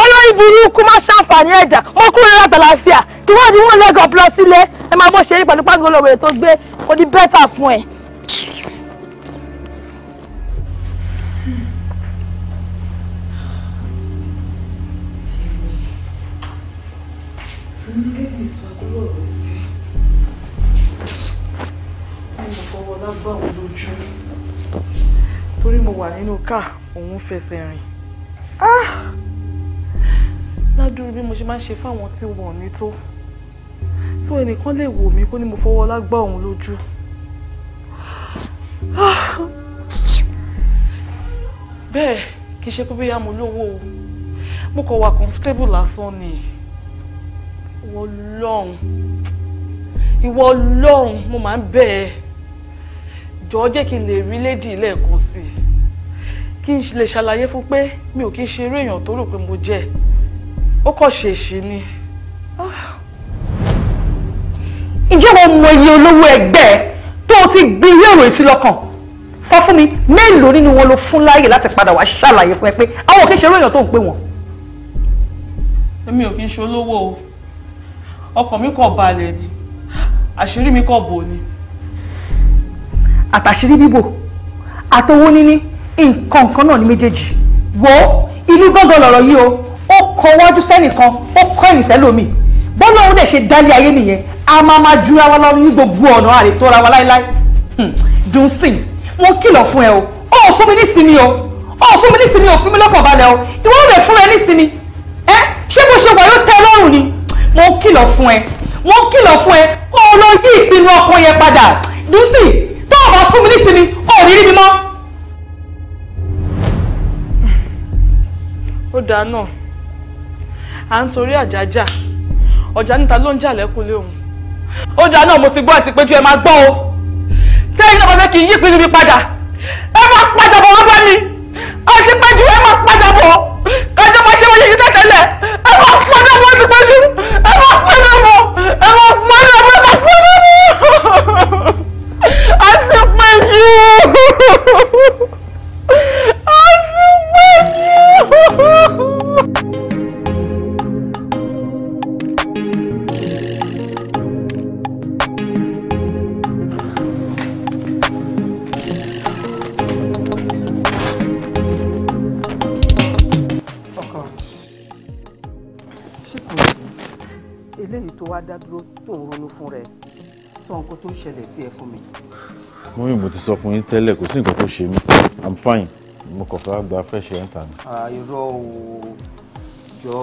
olórí burúkú má ṣàǹfààní ẹ̀dá mo kúrò lọ́la gbàláfíà kí wọ́n di wọ́n lẹ́gọ̀ plus sílé ẹ máa bó ṣe rí pẹ̀lú pàǹgó lọ́wọ́ tó gbé kò ní bẹ́tà fún ẹ. Thank you torí mo wà nínú káà òun fẹsẹ̀ rìn ah! ládùúrú bí mo ṣe máa ń ṣe fáwọn tí wọn ò ní tó tí ẹnìkan lè wò mí kó ní mo fọwọ́ lágbá òun lójú. Ah! bẹ́ẹ̀ kì í ṣe pé bóyá mo lówó o mo kàn wà comfortable lásán ni ìwọ lọ́hùn ìwọ lọ́hùn mo máa ń bẹ̀ jọ̀ọ́ jẹ́ kí n lè rí lédì lẹ́ẹ̀kan sí i kí n lè ṣàlàyé fún pé mi ò kí ń ṣe eré èèyàn tó rò pé mo jẹ́ ó kàn ṣe èṣì ni. ìjẹ́ wọn mọ iye olówó ẹgbẹ́ tó o ti gbin ilé ìròyìn sí lọ́kàn sọ fún mi mélòó nínú wọn ló fún láàyè láti padà wá ṣàlàyé fún ẹ pé àwọn ò kí ń ṣe eré èèyàn tó ń pè wọ́n. èmi ò kí ń ṣe olówó o ọkàn mi kò balẹ̀ ni àṣírí mi kò bò ni àtàṣírí bíbò àtowó níní nǹkan kan náà ní méjèèjì wo inú gángan lọ̀rọ̀ yìí o ó kọ wájú sẹ́nìkan ó kọ ẹ̀yìn sẹ́lòmí bọ́lá òun dẹ̀ ṣe dálé ayé nìyẹn a máa máa jura wa lọ ní gbogbo ọ̀nà àlè tó wa láéláé hmm, dùn sí mo kìlọ̀ fún ẹ o ó fún mi ní o ó fún mi ní o fún mi lọ́kàn balẹ̀ o ìwọ rẹ̀ fún ẹ ní sinmi ẹ ṣé bó ṣe wà yóò tẹ́ lọ́rùn ni mo kìlọ̀ fún ẹ mo kìlọ̀ fún ẹ kó o lọ yí ìpinnu ọkàn yẹn padà dùn sí ò bá fún mi nísìnyí ò ní rí mi mọ́. ó dáa náà à ń torí àjájà ọjà níta ló ń jà lẹ́kùnlé òun ó dáa náà mo ti gbọ́ àti péjú ẹ máa gbọ́ o tẹ́yìn náà bá fẹ́ kí n yí ìpinnu mi padà ẹ máa padà bọ̀ wá bá mi àti péjú ẹ máa padà bọ̀ kájọ máa ṣe wọ́n yẹ tẹ́tẹ́lẹ̀ ẹ máa fọ́nà bọ́ ti péjú ẹ máa fọ́nà bọ́ ẹ máa fọ́nà bọ́. wá dá dúró tó ń ronú fún rẹ sọ nǹkan tó ń ṣẹlẹ̀ sí ẹ fún mi mo mi mo ti sọ fún yín tẹ́lẹ̀ kò sí nǹkan tó ṣe mí i'm fine mo kàn fẹ́ gba fresh air ta ni. irọ́ o jọ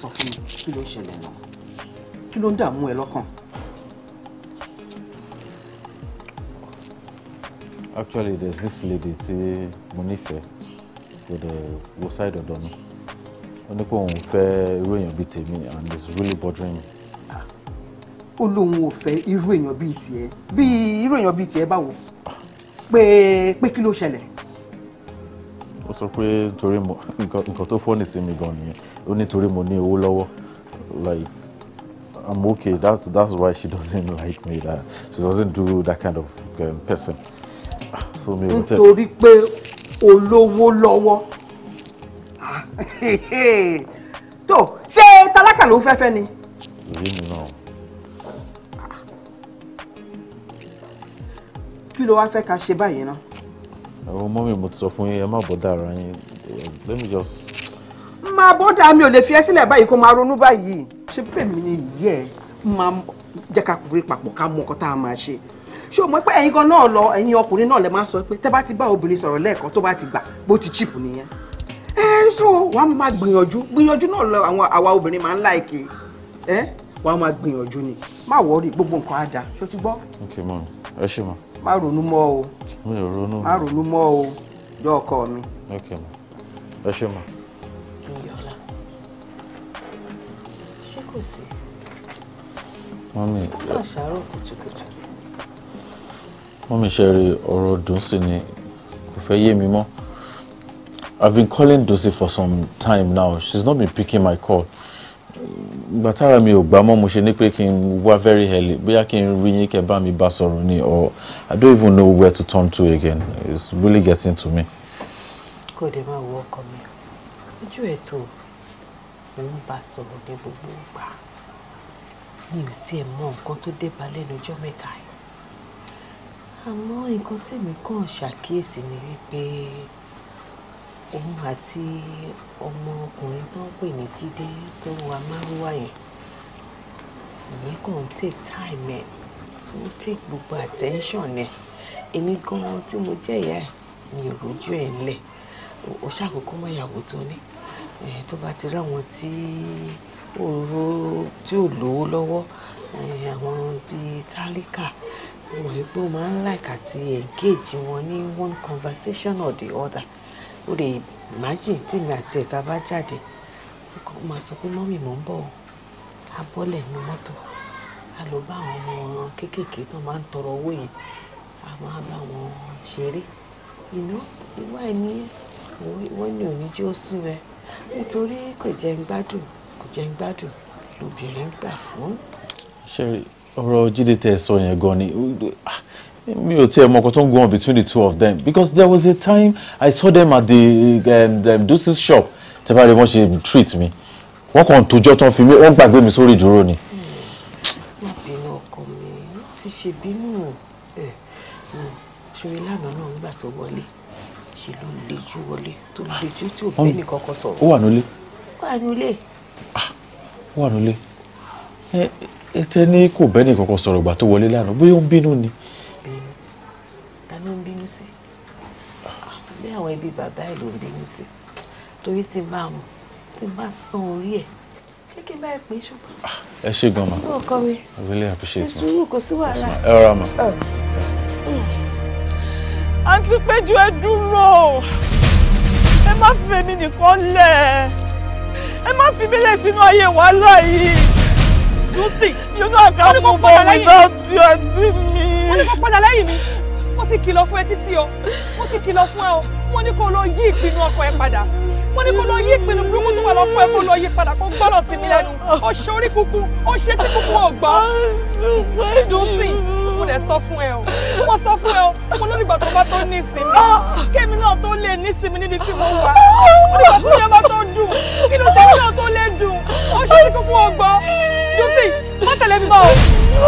sọ fún mi kí ló ṣẹlẹ̀ náà kí ló ń dààmú ẹ lọ́kàn. actually there's this lady tí mo nífẹ̀ẹ́ kò dẹ̀ wo side ọ̀dọ̀ mi ó ní pé òun fẹ́ irú èèyàn bíi tèmi and it's really bothering me ó lóun ò fẹ́ irú èèyàn bíi tiẹ̀ bíi irú èèyàn bíi tiẹ̀ báwo pé pé kí ló ṣẹlẹ̀. ó sọ pé torí mo nǹkan tó fọ́ọ̀nì sí mi gan nìyẹn ó ní torí mo ní owó lọ́wọ́ like I'm okay that's that's why she doesn't like me that she doesn't do that kind of um, person. nítorí pé olówó lọ́wọ́ tó ṣé tálákà ló ń fẹ́fẹ́ ni. èyí ni náà. kí ló wá fẹ́ ká ṣe báyìí ná. àwọn ọmọ mi mo ti sọ fún yín ẹ má bọ́dà ara yín let me just. máa bọ́dà mi ò lè fi ẹ́ sílẹ̀ báyìí kó máa ronú báyìí ṣé bẹ́ẹ̀ mi yìí ẹ̀ máa jẹ́ ká kúrè papọ̀ ká mọ ọkọ tá a máa ṣe ṣé o mọ̀ pé ẹ̀yin gan náà lọ ẹ̀yin ọkùnrin náà lè máa sọ pé tẹ́ bá ti bá obìnrin sọ̀rọ̀ lẹ́ẹ̀kan tó bá ti gbà bó ti chip nìyẹn ẹ so wàá máa gbìyànjú gbìyànjú náà lọ àwọn àwa obìnrin máa ń láìkè ẹ wàá máa gbìyànjú ni má wọrí gbogbo nǹkan á dáa ṣó ti gbọ́. ok mọ ẹ ṣe mọ má ronú mọ́ o mi ò ronú má ronú mọ́ o jọ ọkọ mi. ma ẹ ṣe ma. Ìyọlá ṣé kò sí. mọ́mí ẹ ó máa ṣàárọ̀ kùtùkùtù. mọ́mí ṣe ọ̀rọ̀ dùn sí ni kò fẹ́ yé mi mọ́. I've been calling Dosi for some time now. She's not been picking my call ìgbà tára mi ò gbà mọ́ mo ṣe ní pé kí n wá very early bóyá kí n rí yín kẹ́ bá mi bá sọ̀rọ̀ ni or I don't even know where to turn to again it's really getting to me. kò dé máa wo ọkọ mi ojú ètò ló ń bá sọ̀rọ̀ ní gbogbo ìgbà mi ò tiẹ̀ mọ nǹkan tó dé ba lẹ́nu mẹ́ta yìí àmọ́ nǹkan tèmi kàn ṣàkíyèsí ni wípé òun àti ọmọkùnrin tó ń pè ní Jídé tó wa márúwá yẹn ìyẹn kàn ń take time ẹ̀ ó take gbogbo attention ẹ̀ èmi gan-an tí mo jẹ́ ìyá ẹ̀ mi ò rojú ẹ̀ ńlẹ̀ ó ṣàkókò mọ́ ìyàwó tó ní tó bá ti ráwọn tí òró tí ò lówó lọ́wọ́ àwọn bíi tálíkà wọ̀nyí pé ó máa ń like àti engage wọn ní one conversation or the other o lè májì tèmi àti ẹ̀ta bá jáde ó kàn máa sọ pé mọ́mì mò ń bọ̀ ọ́ a bọ́lẹ̀ nínú mọ́tò a lọ bá àwọn ọmọ kéékèèké tó máa ń tọrọ owó yẹn a máa bá wọn ṣeré ìná ìwà ẹni wọ́n ní oníjó sí rẹ nítorí kò jẹ́ ń gbádùn kò jẹ́ ń gbádùn lóbìnrin gbà fún. ṣe ọ̀rọ̀ jíde tẹ́ ẹ sọ yẹn gan ni mi ò tiẹ̀ mọ ọkọ tó ń go on between the two of them because there was a time I saw them at the um, the um, doses shop tẹ́bàdé wọ́n ṣe treat me. wọ́n kàn tójọ́ tán fi mí wọ́n gbàgbé mi sórí ìdúró ni. má bínú ọkọ mi má fi ṣèbínú ẹ ṣòro ìlànà náà nígbà tó wọlé ṣe ló lejú wọlé tó lejú tí òbí ẹnì kankan sọ̀rọ̀. ó wà nílé. ó wà nílé. Ah, ó wà nílé. ẹ ẹ tẹ ní kò bẹ́ẹ̀ ní kankan sọ̀rọ̀ ìgbà tó wọlé lánàá bóyá ó ń bínú ni. àwọn ẹbí bàbá ẹ̀ ló ń bínú sí torí ti máa mọ̀ ti máa san orí ẹ̀ ṣé bá ẹ pè é ah, ẹ ṣe gan ma ó kọ mi I really appreciate it. ìṣúrù kò sí wàhálà ẹ rọra ma. àǹtí péjú ẹ dúró ẹ má fi èmi nìkan lẹ̀ ẹ má fi mí lẹ̀ sínú ayé wàhálà yìí. Lucy you know I can't move on without you àǹtí mi. wọ́n ní kó padà lẹ́yìn mi wọ́n ti kìlọ̀ fún ẹ títí o wọ́n ti kìlọ̀ fún ẹ o wọ́n ní kó lọ yí ìpinnu ọkọ ẹ padà wọ́n ní kó lọ yí ìpinnu burúkú tó wà lọ́kọ ẹ kó lọ yí padà kó gbọ́dọ̀ sí mi lẹ́nu ó ṣe orí kúkú ó ṣe tí kúkú ọ̀gbá dùnsìn mo dẹ̀ sọ fún ẹ o mo sọ fún ẹ o mo lónìgbà tó bá tó ní ìsinmi kémi náà tó lè ní ìsinmi níbi tí mo wà mo nígbà tí mo bá tó dùn kí ló tẹ́lẹ̀ náà tó lè dùn ó tí kúkú ọ̀gbá dùnsìn má tẹ̀lé mi mọ́ o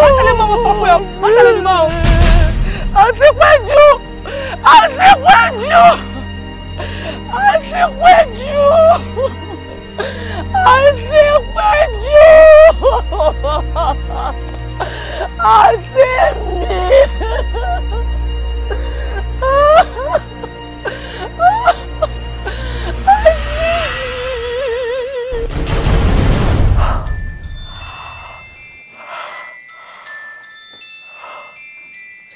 má tẹ̀lé mi mọ́ mo sọ fún ẹ o má tẹ̀lé mi mọ́ o. àti pẹ́jù àti àti mi.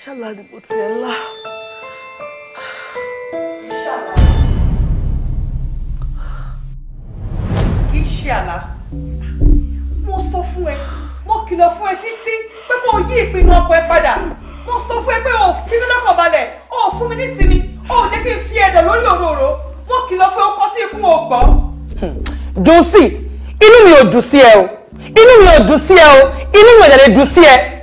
ṣàlàyé bó ti ẹ̀ la. dùn sí inú mi ò dùn sí ẹ o inú mi ò dùn sí ẹ o inú mi ò dẹ̀ lè dùn sí ẹ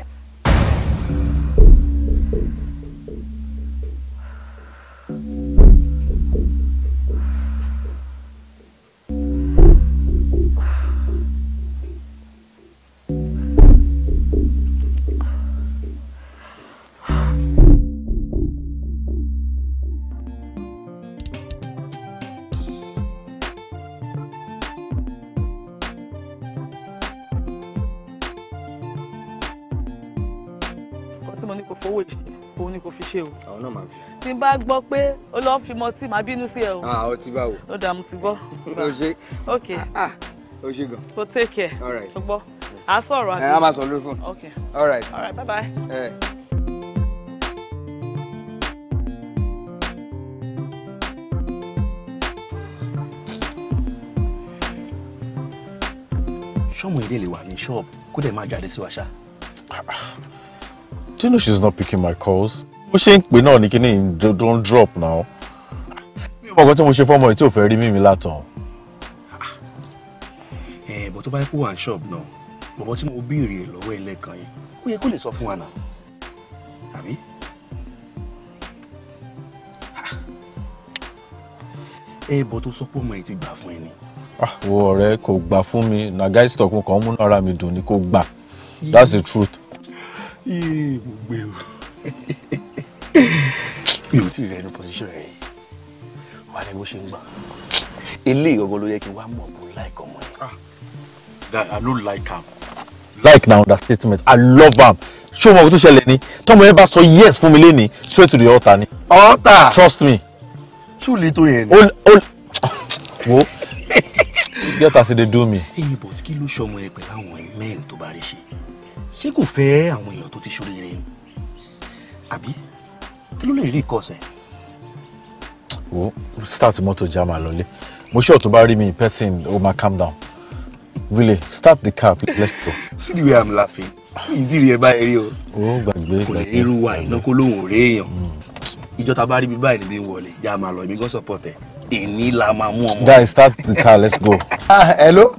wá gbọ́ pé ó lọ́ọ́ fi mọ tí màá bínú sí ẹ o. ah ọtí báwo. ó dààmú ti gbọ́. o ṣe. ok ah o ah, ṣe gan. kò take care. all right. o gbọ́ a sọ̀rọ̀ àgbẹ̀. ẹ a máa sọ lórí fún. ok all right. all right bye bye. Eh. ṣọ́ọ̀mù èdè lè wà ní ṣọ́ọ̀bù kó dẹ̀ máa jáde sí wa ṣá. Do you know she's not picking my calls? bó ṣe ń pè náà ní kíní don drop now mi ò mọ̀ nǹkan tí mo ṣe fọ́mọ yìí tí ò fẹ́ rí mímí látàn. ẹ ẹ bọ́ tó bá yẹ kó wà ní ṣọ́ọ̀bù náà bọ̀bọ̀ tí mo béèrè lọ́wọ́ ẹ lẹ́ẹ̀kan yìí ó yẹ kó lè sọ fún wa náà àbí. ẹ ah. eh, bọ́ tó sọ pé ọmọ yìí ti gbà fún ẹ ni. Ah, wo ọ̀rẹ́ kò gbà fún mi na guy stock mo kàn ń múnú ara mi dùn ni kò gbà that's the truth. yéé eh, mo gbé o. mi ò tí ì rẹ inú pòsíṣàn rẹ yìí wà ní bó ṣe ń gbà eléyìí gangan ló yẹ kí n wá mọ̀ bó like ọmọ yẹn. Ah, I no like am. like na understatement I love am ṣé o mọ̀ tó ṣẹlẹ̀ ni tọ́mọ yẹn bá sọ yes fún mi lẹ́ni straight to the altar ni. altar trust me. ṣé o lè tó yẹn ni. wo get as e dey do me. ẹyin bọ̀ kí ló ṣọmọ ẹ pẹ̀lú àwọn mẹ́rin tó bá rí ṣe ṣé kò fẹ́ àwọn èèyàn tó ti ṣoríire ni àbí kí ló lè rí ìkọsẹ̀. wo start moto jam alọlé mo sure tó bá rí mi in person o ma calm down really start the car let's go. see the way i'm laughing ìzírí ẹ báyìí rí o. o gbàgbé gbàgbé kò lè irú wa ìnáko lóhùn òré èèyàn mm. ìjọta bá rí mi báyìí níbi wọlé ìjà máa lọ èmi gan support ẹ èmi la máa mú ọmọ. guys start the car let's go. ah hello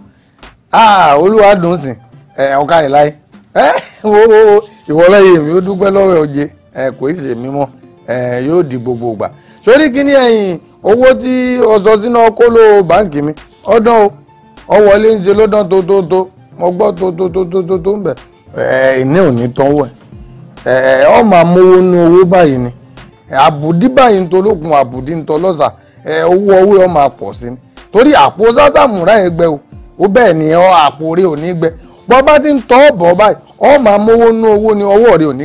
ah olúwa dùn sí ẹ ọ̀ka rẹ̀ láyé ẹ wo ìwọlẹ́yẹ mi ó dúpẹ́ lọ́wọ́ ọ̀jẹ̀ ẹ kò í ṣe mímọ́. Eh, yóò di gbogbo gbà sórí kíní ẹ̀yìn owó tí ọsọ sínú ọkọ ló báǹkì mi ọdún o ọwọlé ń ṣe lọdún tó mo tó tó ń bẹ. ẹni eh, ò ní ọ eh, máa mówó nú owó báyìí ni àbùdí báyìí ń tolókun àbùdí ń owó ọ máa pọ̀ sí ni torí àpò o ó ni àpò rẹ ò ní gbẹ bọ́ bá ti ń tọ́ ọ̀bọ̀ ọ máa mówó owó ni ọwọ́ rẹ ò ní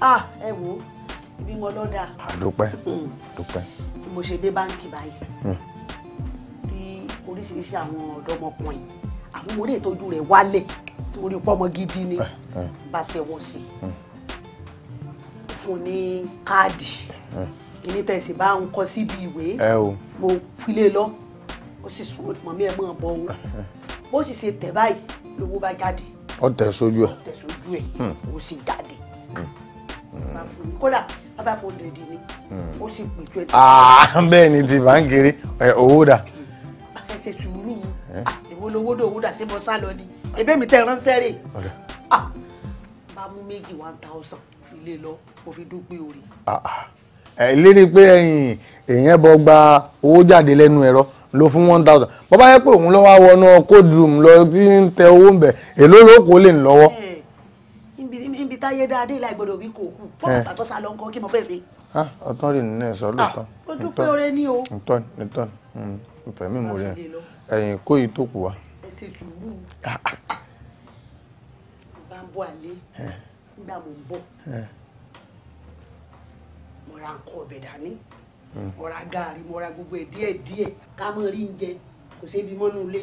ah ẹ wo ibi mo lọ dáa. àdúpẹ́ àdúpẹ́. Hmm. bí mo ṣe dé báńkì báyìí hmm. bí oríṣiríṣi àwọn ọ̀dọ́mọkùnrin àwọn ọmọdé ìtọ́jú rẹ̀ wálẹ̀ tí mo rí pọ́mọ gidi ni eh, eh. bá ṣe wọ́n sí hmm. fún ní káàdì kìíní tẹ̀sí bá ń kọ síbi ìwé mo filé lọ ó sì sún mọ̀mí ẹ̀ mọ̀ bọ́ o eh, bó sì ṣe tẹ̀ báyìí lówó bá jáde. ó tẹ̀ sójú ẹ̀ ó tẹ̀ sójú ẹ̀ ó sì jáde kódà bàbá fún dèdè ni ó sì pè twenty. Ah, bẹ́ẹ̀ ni ti báńkìrì owó dà. ẹ ṣe sùúrù ìwọ ah, lówó dò owó sí mo sá lọ ni ebe mi tẹ ránṣẹ́ rè ah, bá mú méjì one thousand fi lè lọ kó fi dúpẹ́ orí lérí pé ẹ̀yin èèyàn bọ gba owó jáde lẹ́nu ẹ̀rọ ló fún one thousand bọ́ bá yẹ pé òun lọ́wọ́ wọnú code room lọ tí ń tẹ owó ń bẹ̀ èló ló kó lè lọ́wọ́. Eh, táyé dáadé láì gbọdọ̀ wí kò kù pọ́ọ̀tù eh. tàtọ́ sá lọ ńkọ́ kí mo fẹ́ ṣe. ọtún rí nínú ẹ̀sọ́ lóòótọ́ ah, ó dúpẹ́ oore ní o. nítọ́ni nítọ́ni ìfẹ̀mí hmm, mo rí ẹ ẹ̀yìn kó yìí tó kù wá. ẹ ṣe jùlù ah, ah, bá ń bọ àlé eh. nígbà mo ń bọ̀ eh. mo ra nǹkan ọbẹ̀ dání hmm. mo ra gaari mo ra gbogbo ẹ̀ díẹ̀ díẹ̀ ká mọ̀ rí ń jẹ kò sébi mọ́nú ilé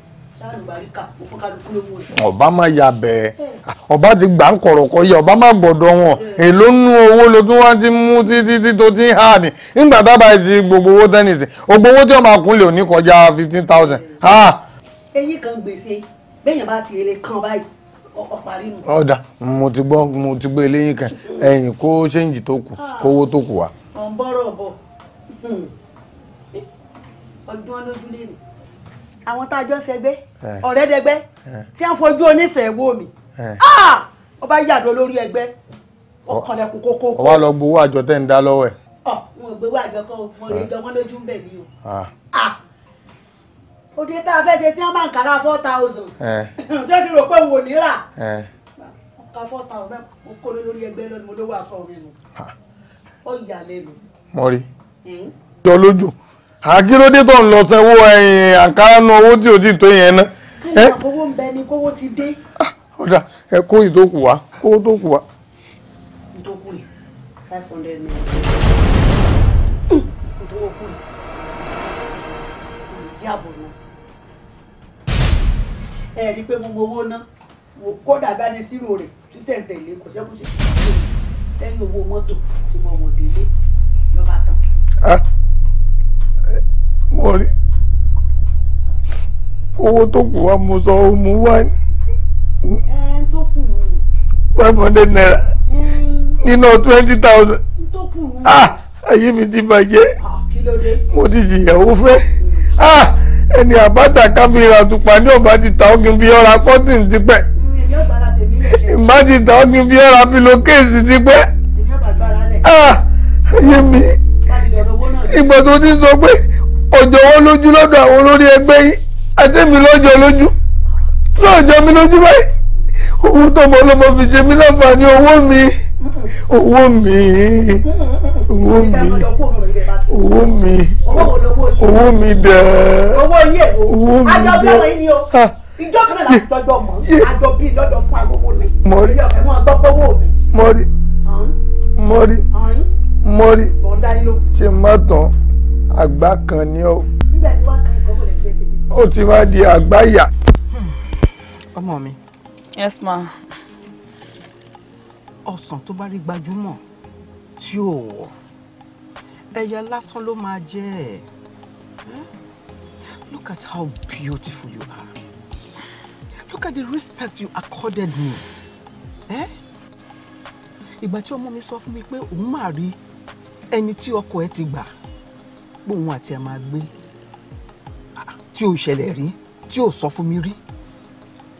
ọba ma ya ọba ti gbà ń kọrọ ọba ma gbọdọ wọn eh. èló owó ló wọn ti mú títí tí tó ti ha hà ní nígbà ti gbogbo owó owó tí ọ máa lè ní kọjá fifteen thousand. Eh. eyín kan gbèsè bá ti èrè kan báyìí ọ̀dà mo ti gbọ́ mo ti gbé eléyìí kan mm-hmm. ẹ̀yìn kó ṣéǹjì tó kù ah. kówó tó kù wá. àwọn tá a jọ ń ṣẹgbẹ́ eh. ọ̀rẹ́ dẹgbẹ́ eh. tí wọ́n fojú oníṣẹ́ wo mi eh. ah! ó bá yàdó lórí ẹgbẹ́ ó kọlẹ̀kùn kókó. ó wá lọ gbowó àjọ tẹ́ ń dá lọ́wọ́ ẹ̀. ọ ah! wọn ò gbowó àjọ kan wọn lè jọ wọn lójú ń bẹ̀ ni o. òde ah. tá a fẹ́ ṣe tí wọ́n máa ń kára four thousand tí wọ́n ti rò pé òun ò ní rà ká four thousand bẹ́ẹ̀ mo kó lórí ẹgbẹ́ lónìí mo lówó aṣọ mi nù. ó yà lẹ́nu. mọ́rí hmm? jọ lójú àkílódé tó ń lọ sanwó ẹ̀yìn àkàánú owó tí ò tí tó yẹn ná. kí ni àbówó ń bẹ ni kówó ti dé. Ah, ọ̀dà ẹ kó ìdókù wá kó ìdókù wá. ìdókù yìí five hundred naira. ìdókù yìí ìdí àbò náà. ẹ rí i pé gbogbo owó náà kódà bá ní sínú rẹ̀ sísẹ̀ntẹ̀lé kò ṣẹ́kù ṣe lẹ́yìn owó mọ́tò tí mo wò délé lọ́ba tán. Ah, mo rí owó tó kù wá mo sọ ó mú wá five hundred naira nínú twenty thousand ah ayé mi ti bàjẹ́ ah, mo ti jìyàwó fẹ́ mm. ah ẹni àbáta káfíńra tùpà ní ọba ti ta ọgìn bí ọra pọ́tìn ti pẹ́ mm, ìbá ti ta ọgìn bí ọra pílókèsì ti pẹ́ ah, ayé mi ìgbà tó ti sọ pé òjò owó lójú lọ́dọ̀ àwọn olórí ẹgbẹ́ yìí àti mi lọ́jọ́ lójú lọ́jọ́ mi lójú báyìí owó tọmọ ọlọmọ fi ṣe mí láǹfààní owó mi owó mi owó mi owó mi owó mi dẹ owó yẹ owó mi dẹ ìjọ kan náà láti tọjọ mọ àjọ bíi lọ́dọ̀ fún agogo ni mọrí mọrí mọrí mọrí ṣe má tán àgbá kan ni ó. ó ti máa di àgbáyà. ọmọ mi. yes ma. ọsàn tó bá rí gbajúmọ̀ tí ò wọ̀ ẹyẹ lásán ló máa jẹ́ ẹ̀. Hmm? Look at how beautiful you are. Look at the respect you accorded me. Eh? Ìgbà tí ọmọ mi sọ fún mi pé òun máa rí ẹni tí ọkọ ẹ ti gbà pé òun àti ẹ máa gbé ah, tí ò ṣẹlẹ̀ rí tí ò sọ fún mi rí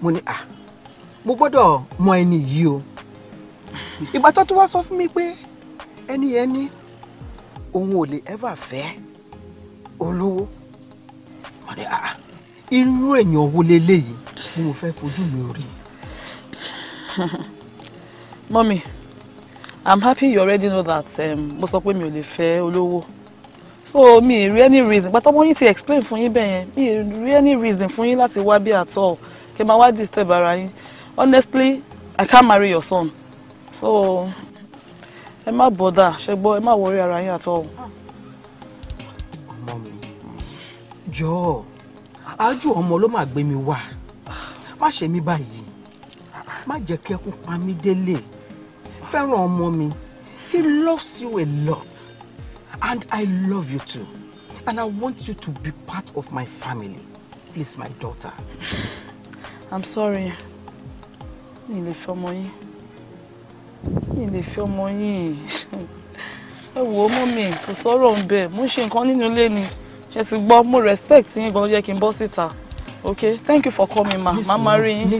mo ní à ah, mo gbọ́dọ̀ mọ ẹni yìí o ìgbà tó tún wá sọ fún mi pé ẹni yẹn ní òun ò lè ever fẹ́ olówó mo ní à ah, irú èèyàn wo leléyìí ni mo fẹ́ fojú mi rí. mọ́mí i'm happy you already know that um, mo sọ pé mi ò lè fẹ́ olówó so mi ì rí any reason pàtó mo ní ti explain fún yín bẹ́ẹ̀ yẹn mi ì rí any reason fún yín láti wá bí at all kí n máa wá disturb ara yín honestly i can't marry your son so ẹ má bọ̀dà ṣe gbọ́ ẹ má worry ara yín at all. ọmọ mi jọ̀ọ́ àájò ọmọ ló máa gbé mi wá má ṣe mí báyìí má jẹ́ kẹ́kún pa mí délé fẹ́ràn ọmọ mi he loves you a lot. And I love you too. And I want you to be part of my family. Please, my daughter. I'm sorry. Mi lè fẹ́ ọmọ yín. Mi lè fẹ́ ọmọ woman me, wo ọmọ mi, kò sọ̀rọ̀ ń bẹ̀. Mo ń ṣe nǹkan nínú respect yín gan-an yẹ kí n bọ́ síta. Okay, thank you for coming ma. Màá máa rí yín.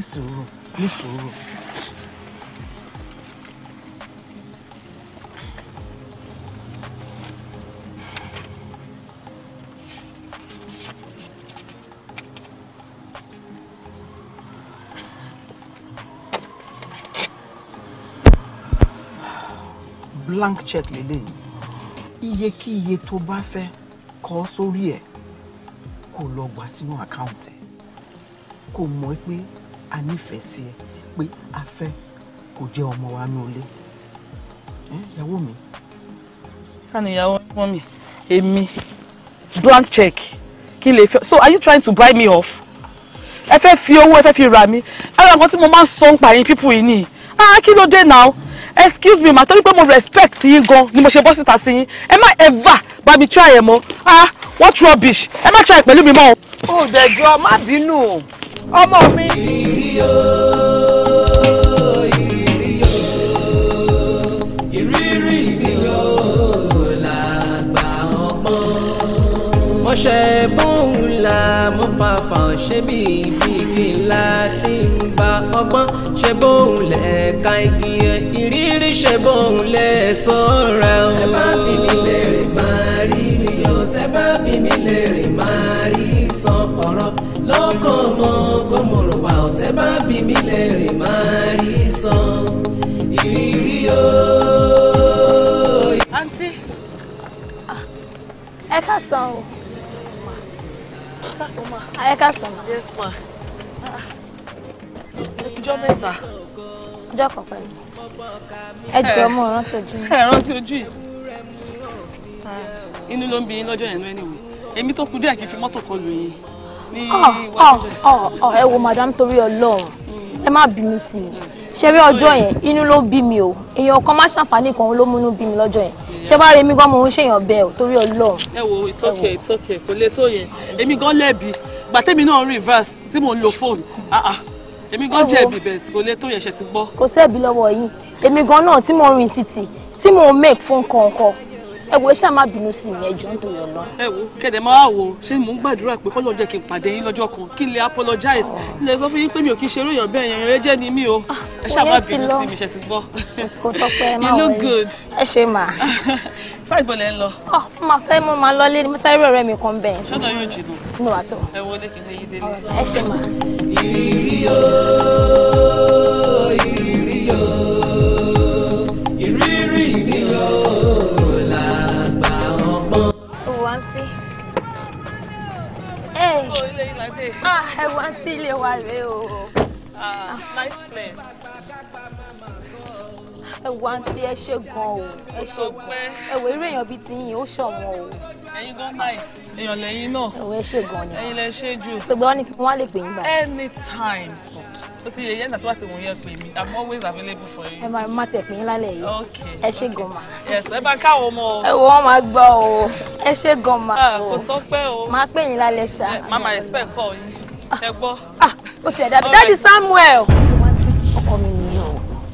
blank check lélẹ́yìí iye kí iye tó bá fẹ́ kọ sórí ẹ̀ kó lọ gbà sínú àkáǹtì ẹ̀ kó mọ̀ pé a nífẹ̀ẹ́ sí ẹ pé a fẹ́ kó jẹ́ ọmọ wa ní ilé ìyàwó mi. ká ní ìyàwó wọn mi èmi blank check kí lè fẹ́ so are you trying to buy me off ẹ fẹ́ fi owó ẹ fẹ́ fi rà mí ẹ rà nǹkan tí mo máa ń sọ ń pa yín pípù yìí nìyí ah kí ló dé now excuse me ma torí pé mo respect yín gan ni mo ṣe bọ́ síta sí yín ẹ má ever bá mi try ẹ mo. ah what rubbish ẹ má try pẹ̀lú mi mọ́. ó dẹjọ́ má bínú ọmọ mi. mo ṣe bóun la mo fàfà ṣe bí ibi kí n láti ọgbọ́n ṣe bóun lẹ̀ ka igi yẹn ìrírí ṣe bóun lẹ̀ sọ́ra o. ẹ bá bí mi lè rìn máa rí iyọ̀ tẹ bá bí mi lè rìn máa rí sàn ọ̀rọ̀ lọ́kọ̀ ọmọ gbọ́mọ̀rọ̀ wà ó tẹ bá bí mi lè rìn máa rí sàn ìrírí o. àǹtí ah, ẹ ká sàn o ẹ ká sàn ma ẹ ká sàn yes ma ìjọ mẹ́ta. ìjọ kan pẹ̀lú ẹ jẹ́ ọmọ rántí ojú yìí. ẹ rántí ojú yìí ah. inú ló ń bí yín lọ́jọ́ yẹn lẹ́nu ìwé èmi tó kù díẹ̀ kí n fi mọ́tò kan lù yín ní ah, ah, iwájú ẹ wo madam torí ọlọ́run ẹ má bínú sí mi ṣeré ọjọ́ yẹn inú ló bí mi o èèyàn kan má ṣàǹfààní kan ló múnú bí mi lọ́jọ́ yẹn ṣé bá rẹ mi gan mo ń ṣèyàn bẹ́ẹ̀ o torí ọlọ́run. ẹ wo it's okay it's okay kò lè tó yẹn èmi gan lẹ́bi gbàtẹ́mi náà reverse tí mò ń lo fóònù èmi gan jẹ̀bi bẹ́ẹ̀ kò lè tó yẹn ṣe ti gbọ́. kò sẹ́ẹ̀bi lọ́wọ́ yìí èmi gan náà tí mo rìn títì tí mo make fún kọ̀ọ̀kan ẹ wo ṣáà má bínú sí mi ẹjọ́ nítorí Ọlọ́run. ẹ wo kẹdẹ máa wò ṣé mò ń gbàdúrà pé kọ́lọ́ jẹ́ kí n pàdé yín lọ́jọ́ kan kí n lè apologize kí n lè sọ fún yín pé mi ò kí ń ṣe eré èèyàn bẹ́ẹ̀ yẹn eré jẹ́ ni mí o ah, ẹ ṣáà má bínú sí mi ṣe ti gbọ́. kò tọpẹ ẹ máa wọlé you look good. ẹ ṣe mà. sáà ìbọn lẹ ń lọ. ọ ah, mo máa fẹ́ mo máa lọ lé ní sáré ọ̀rẹ́ mi kan bẹ́ẹ̀. ṣọ́dọ̀ yóò jìnnà. ẹ wọlé kí n lè yí délé. ẹ ṣe mà ìrírí o ìrírí o ìrírí mi eh, ah, o làgbà ọgbọ́n. òwò nice place ẹ wo àǹtí ẹ ṣe gan o ẹ ṣe gan ẹ wo eré èèyàn bíi tiyín ó ṣọ̀wọ́n o. ẹ̀yin gan báyìí èèyàn lẹ́yìn náà ẹwọ ẹ ṣe gan ni ẹ̀yin lẹ ṣe jù. gbogbo wọn ni pípọn wá lè pè yín báyìí. anytime o ti yẹ yẹn àtúwà tí wọn yẹ pè mí i'm always available for you. ẹ máa má tẹ pín lálẹ́ yìí ẹ ṣe gan ma. yes ẹ bá káwọn ọmọ o. ẹ wo wọn máa gbọ́ o ẹ ṣe gan ma o. Ah, kò tó pẹ́ o. máa pè yín lálẹ́ ṣá. Eh, mama expect call yín ẹ gbọ́. Ah, ó ti ẹ̀ dàbí dáàdi Samuel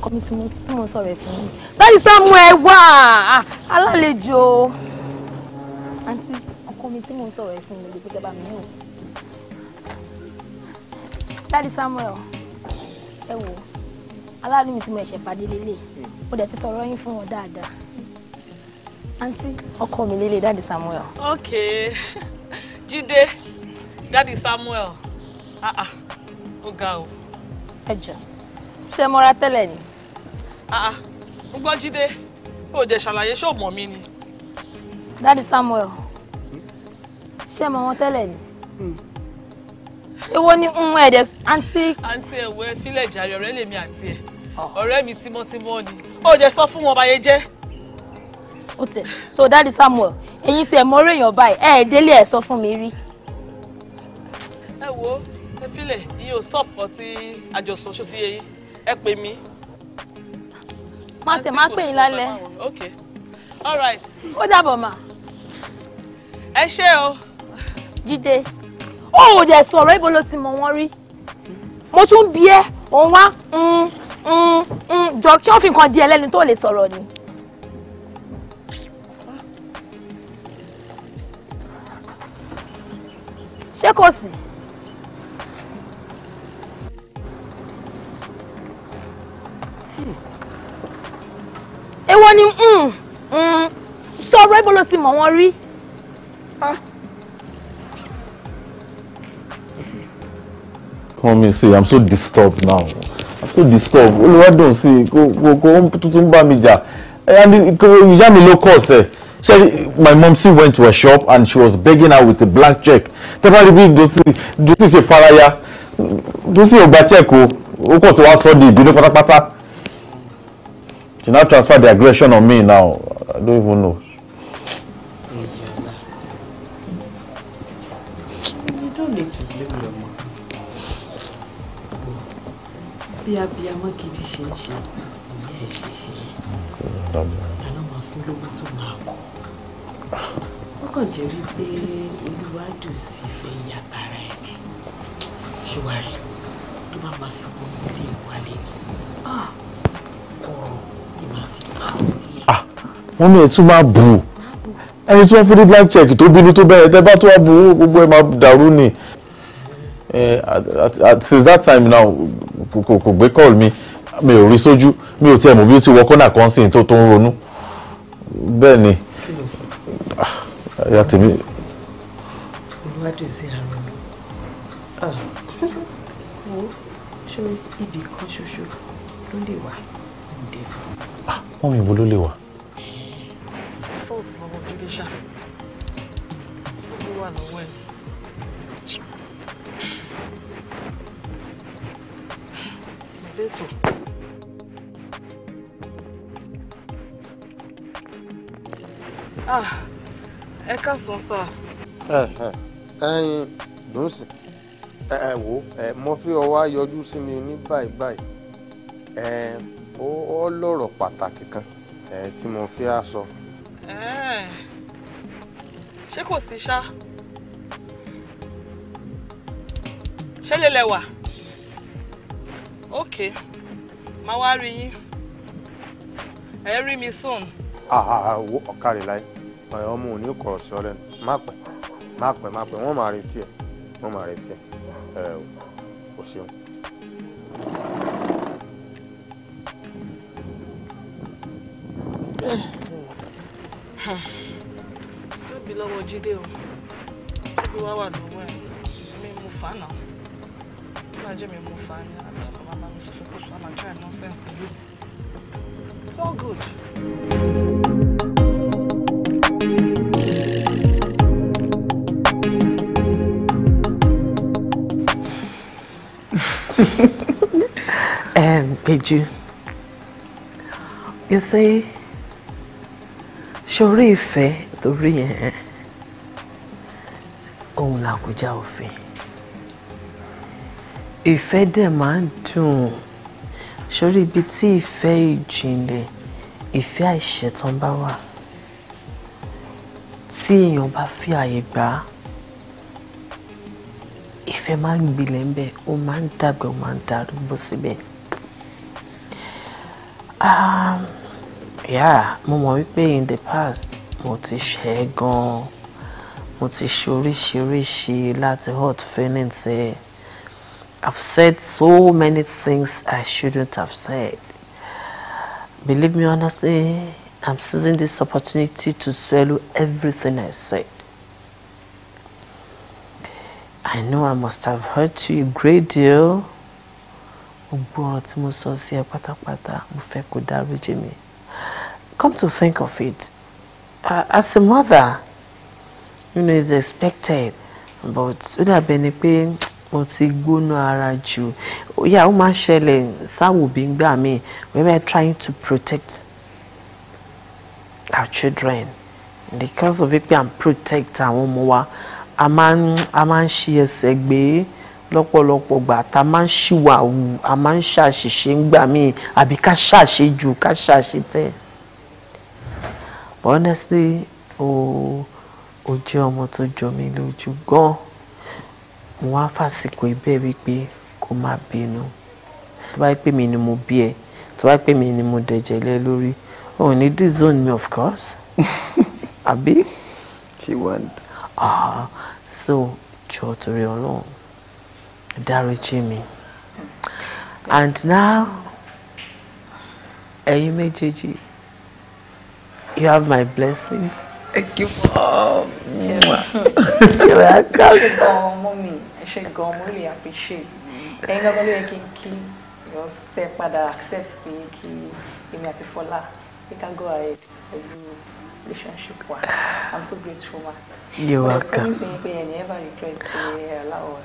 ọkọ mi tí mo tí mo sọ rẹ̀ fún mi. dájú sáàmù ẹ wá ah, alálejò àǹtí ọkọ mi tí mo sọ rẹ̀ fún mi lójú gẹ́gẹ́ mi yóò. dájú sáàmù ẹ wò aláàánú mi tí mo ẹ̀ṣẹ̀ pàdé lélẹ̀ mo dẹ̀ ti sọ̀rọ̀ yín fún wọn dáadáa àǹtí ọkọ mi lélẹ̀ dáàdì Samuel. ok Jídé dáàdì Samuel ah ah ó ga o. ẹ jọ ṣé mọ́ra tẹ́lẹ̀ ni. Ah, gbọ́ jíde ó jẹ́ ṣàlàyé ṣọ́ọ̀mọ̀ mi ni. dádì Samuel ṣé ẹ mọ wọn tẹ́lẹ̀ ni hmm. èwo ni ń mm, ẹ̀dẹ̀ àǹtí. àǹtí ẹ̀wọ̀ ẹ fílẹ̀ jàre ọ̀rẹ́ lèmi àǹtí ẹ̀ ah. ọ̀rẹ́ mi tímọ́tímọ́ ni ó jẹ́ sọ fún wọn báyé jẹ́. ó tẹ so Daddy Samuel ẹ̀yin tí ẹ mọ orí èèyàn báyìí ẹ ẹ délé ẹ sọ fún mi rí. ẹ wo ẹ fílẹ̀ iye ò stop ọtí àjọsọ ṣó ti yẹ yín ẹ pè má ṣe má pè yín lálẹ́. ok all right. ó dàbọ̀ ma? ẹ ṣé o. jíde ó ò dẹ̀ sọ̀rọ̀ ibo ló ti mọ̀ wọ́n rí mo tún bí ẹ òun wá mm, mm, mm. jọ kí wọ́n fi nǹkan di ẹlẹ́ni tó lè sọ̀rọ̀ ni. ṣé kò sí. èwo ni mm, mm, sọ̀rọ̀ ibo ló ti mọ̀ wọ́n rí. Ah. Mọ́mí sí I'm so disturbed now I'm so disturbed olùwádùn sí kò kò tuntun bá mi jà ìyá mi ló kọ́ ọ̀sẹ̀ ṣe my mom still went to her shop and she was begging her with a blank check tẹ́fàlì bí dosi ṣe faraya dosi ò gba check o ó kọ̀ tó wá sọ́ di ìbínú pátápátá. She now transfer the aggression on me now. I don't even know. You wọ́n ní ẹ̀ tún máa bù ẹni tí wọ́n fún ní blank check tó bínú tó bẹ̀rẹ̀ tẹ́ bá tó wá bù ú gbogbo ẹ̀ máa dàrú ni since that time now kò gbé call mi mi ò rí sójú mi ò tiẹ̀ mọ̀ bí ó ti wọ kọ́nà kan sí tó tó ń ronú bẹ́ẹ̀ ni àyà ah, tèmi. kan ṣoṣo ló lè wà ní ah, ìdè. wọ́n mi wo ló lè wà. Ah, ẹ káàsán sá. ẹyin dùnsì ẹ wò ẹ mo fi ọwọ́ yọjú sí mi ní báyìí báyìí ẹ ó lọ̀rọ̀ pàtàkì kan ẹ tí mo fi á sọ. ṣé kò sí ṣá ṣé lè lẹ wà ok máa wá rí yín ẹ rí mi soon. àwọ̀ ah, ah, ọ̀kàrẹ̀ láyé ọ̀yàn ọmọ òní kọ̀rọ̀ sí ọ lẹ́nu má pẹ́ má pẹ́ má pẹ́ wọ́n máa retí ẹ̀ wọ́n máa retí ẹ̀ ẹ̀ o ṣeun. tóbi lọ́wọ́ jíde o tóbi wá wà lọ́wọ́ ẹ̀ mi mú fa náà nígbà jẹ́ mi mú fa ní àtàkùn bàbá mi sọ fún kóso àmàjọ ẹ̀ nọ́sẹ̀nsì pẹ̀lú it's all good. um, Peju. You see, ṣorí ìfẹ́ torí ẹ̀ òun làkújá òfin. Ìfẹ́ dẹ̀ máa ń dùn ṣorí ibi tí ìfẹ́ ìjìnlẹ̀ ìfẹ́ àìṣẹ̀tàn bá wà tí èèyàn bá fi àyè gbà á ìfẹ́ máa ń gbilẹ̀ ń bẹ̀ ó máa ń dàgbà ó máa ń darúgbó síbẹ̀. Si um, yeah mo mọ̀ wípé in the past mo ti ṣe é gan-an mo ti ṣe láti hot feeling i I've said so many things I shouldn't have said believe me honestly I'm seizing this opportunity to swallow everything I said. I know I must have hurt you a great deal. gbogbo ọ̀rọ̀ tí mo sọ sí ẹ pátápátá mo fẹ́ kó dáríjì mi come to think of it uh, as a mother you know it's expected but ó dàbí ẹni pé mo ti gbóná ara jù yà ó máa ṣẹlẹ̀ sáwòbí gbà mí we are trying to protect our children because of it pé à ń protect àwọn ọmọ wa a máa ń ṣe ẹsẹ̀ gbé lọ́pọ̀lọpọ̀ gbà tá a máa ń ṣìwà wù a máa ń ṣàṣìṣe ńgbà míì àbí ká ṣàṣe jù ká ṣàṣe tẹ̀. honestly o ò jẹ́ ọmọ tó jọ mí lójú gan-an mo wá fàsìkò ìbẹ́ wípé kó má bínú tó bá pè mí ni mo bí ẹ tó bá pè mí ni mo dẹ̀jẹ̀ lé lórí òun ní this zone mi of course àbí. she want. ah so jọ torí Ọlọ́run dáríjì mi and now ẹ̀yin méjèèjì you have my blessings. Thank you, Mom. You're welcome. Oh, Mommy. I should go. I really appreciate. Ẹ̀yin gbogbo ló yẹ kí n kí yọ ṣe padà accept pé kí èmi àti Fọlá we can go ahead relationship wa i'm so grateful ma. you're welcome.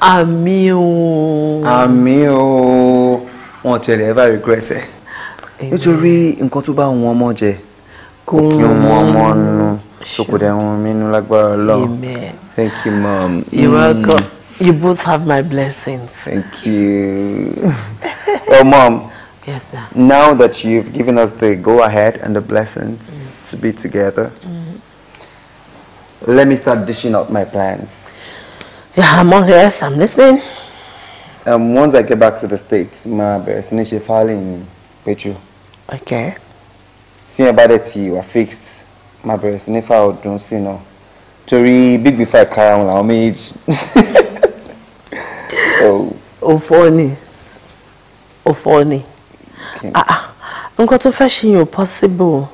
àmì o. àmì o wọn ti rẹ̀ ever regret ẹ̀ nítorí nǹkan tó bá wọn ọmọ jẹ kò kí wọn ọmọ nu ṣòkòdà ẹ̀wọ̀n mi nu lágbára Ọlọ́run thank you mom. you're mm. welcome. You both have my blessings. Thank you. Oh, Mom. Yes, sir. Now that you've given us the go ahead and the blessings, mm to be together. Mm. Let me start dishing out my plans. Yeah, I'm on here. I'm listening. Um, once I get back to the States, máa bẹ̀rẹ̀ sí ní ṣe filing petrol. Okay. Sí ẹ bá dẹ̀ ti wà fixed, máa bẹ̀rẹ̀ sí ní fa ọdún sí náà. Torí big before kára wọn Oh. méjì. Òfò ni. Òfò Ah, I'm going to fashion yàn possible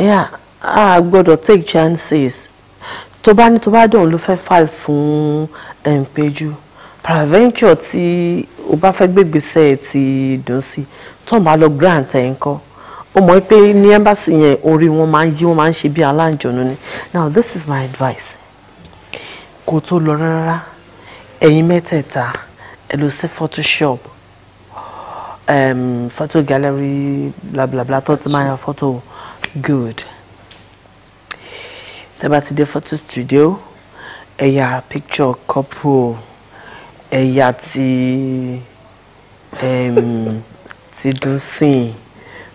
yeah, a gbọ́dọ̀ take chances tó bá ní tó bá dùn ló fẹ́ file fún um, Peju paraventure tí o bá fẹ́ gbégbèsè ti dùn sí tó bá lọ grant ẹ̀ ń kọ́ ó mọ̀ pé ní embassy yẹn orí wọn máa ń yí wọn máa ń ṣe bí aláǹjọ̀nù ni now this is my advice kò tó lọ rárá ẹ̀yin mẹ́tẹ̀ẹ̀ta ẹ lọ sí photoshop um, photo gallery blablabla tó ti máa ya photo. Bla, bla, good tẹ́ bá ti photo studio ẹ ya picture couple ẹ ya ti ti dùn sìn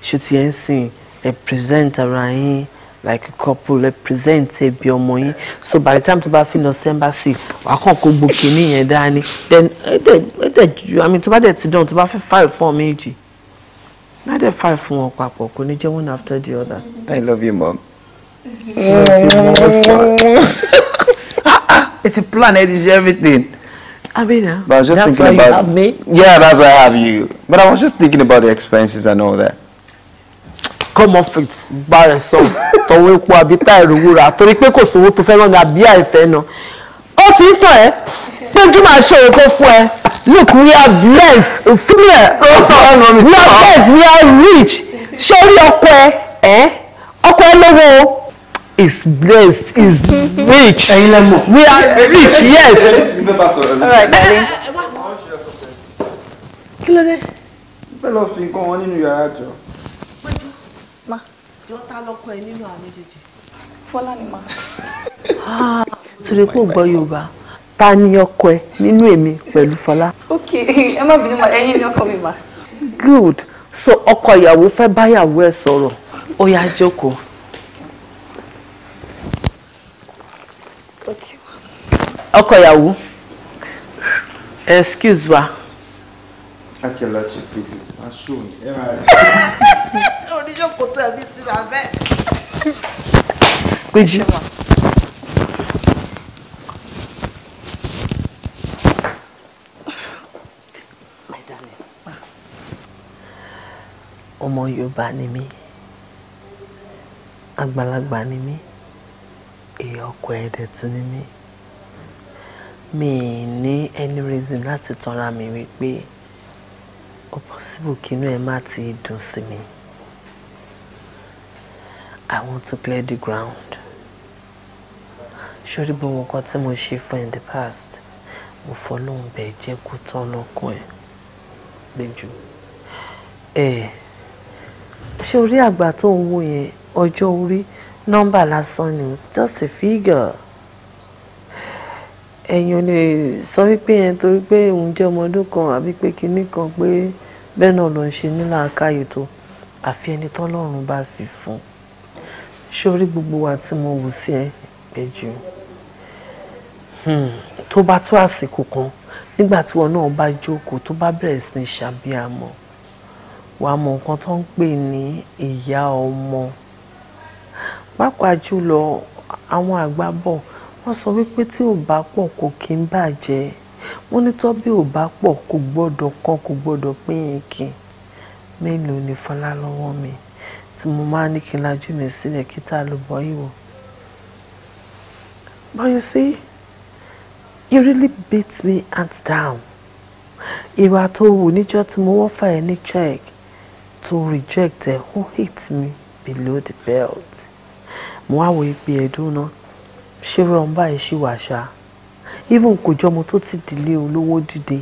ṣó ti ẹ̀ ń sìn ẹ present ara yín like a couple represent ẹbí ọmọ yín so by the time tó bá fi lọ sí embassy wàá kàn kó gbòkè nìyẹn dání then ẹ dẹ i mean tó bá dẹ ti dán tó bá fẹ́ file form méjì dádẹ five fún wọn papọ̀ kò ní jẹ́ one after the other. I love you mom. it's a plan it is everything. Abina, I mean, that's thinking why about, you have me. Yeah, that's why I have you. But I was just thinking about the expenses and all that. come off it gbára sọ tọwọ́ epo àbí tá ìrówó rà torí pé kò sówó tó fẹ́ rán ni àbí àìfẹ́ náà ó ti ń tàn ẹ́ pé kí màá ṣe òfófó look we are blessed sílẹ̀ we are blessed we are rich ṣé orí ọkọ ẹ ọkọ ẹ is blessed is rich we are rich yes. kí ló dé. bẹ́ẹ̀ lọ fi nǹkan wọn nínú yàrá jọ. jọ ta lọkọ ẹ nínú àmì jẹjẹ. fọlá ni màá. torí pé ó gbọ́ yorùbá ta ni ọkọ ẹ nínú èmi pẹ̀lú Fọlá. ok ẹ má bínú ma ẹ̀yin ni ọkọ mi ma. good so ọkọ ìyàwó fẹ́ báyàwó ẹ̀ sọ̀rọ̀ ó yá jókòó. ọkọ ìyàwó excuse wa. ask your lordship please ma show me ẹ máa rí. oníjókòó tó ẹbí ti rà bẹ́ẹ̀. péjú. ọmọ Yorùbá ni mí àgbàlagbà ni mí èèyàn ọkọ ẹ̀dẹ̀ tún ni mí mi ní any reason láti tanra mi wípé ó possible kí inú ẹ má ti dùn sí mi I want to clear the ground sórí gbogbo nǹkan tí mo ṣe fún in the past mo fọlọ́hún bẹ̀ jẹ́ kó tán lọ́kàn ẹ̀ gbẹ̀jú ẹ̀. Eh, ṣé orí àgbà tó ń wo yẹn ọjọ́ orí nọ́mbà lásán ni it's just a figure ẹ̀yin ò lè sọ wípé yẹn torí pé òun jẹ́ ọmọ ọdún kan àbí pé kinní kan pé bẹ́ẹ̀ náà ló ń ṣe nílà akáyè tó àfi ẹni tọ́lọ́run bá fi fún ṣé orí gbogbo wa tí mo wù sí ẹ Péjú hmm. tó bá tó àsìkò kan nígbà tí wọn náà bá jókòó tó bá bẹ̀rẹ̀ sí ní ṣàbíamọ́ wà mọ nǹkan tó ń pè ní ìyá ọmọ pàápàá jùlọ àwọn àgbà bọ̀ wọ́n sọ wípé tí ò bá pọ̀ kò kí ń bàjẹ́ wọ́n ní tọ́bí ò bá pọ̀ kò gbọ́dọ̀ kan kò gbọ́dọ̀ pín kí mélòó ni fọlá lọ́wọ́ mi tí mo máa ní kí n lajú mi sílẹ̀ kí tá a lò bọ́ ìwò. But you see, you really beat me hands down. ìwà tó wù níjọ́ tí mo wọ́n fà ẹ́ ní check To reject ẹ who hits me below the belt mo wá wo ipe ẹ̀dùn náà ṣé rọmbà ẹ̀ ṣì wà ṣá even kò jọmọ tó ti dìlé olówó dìde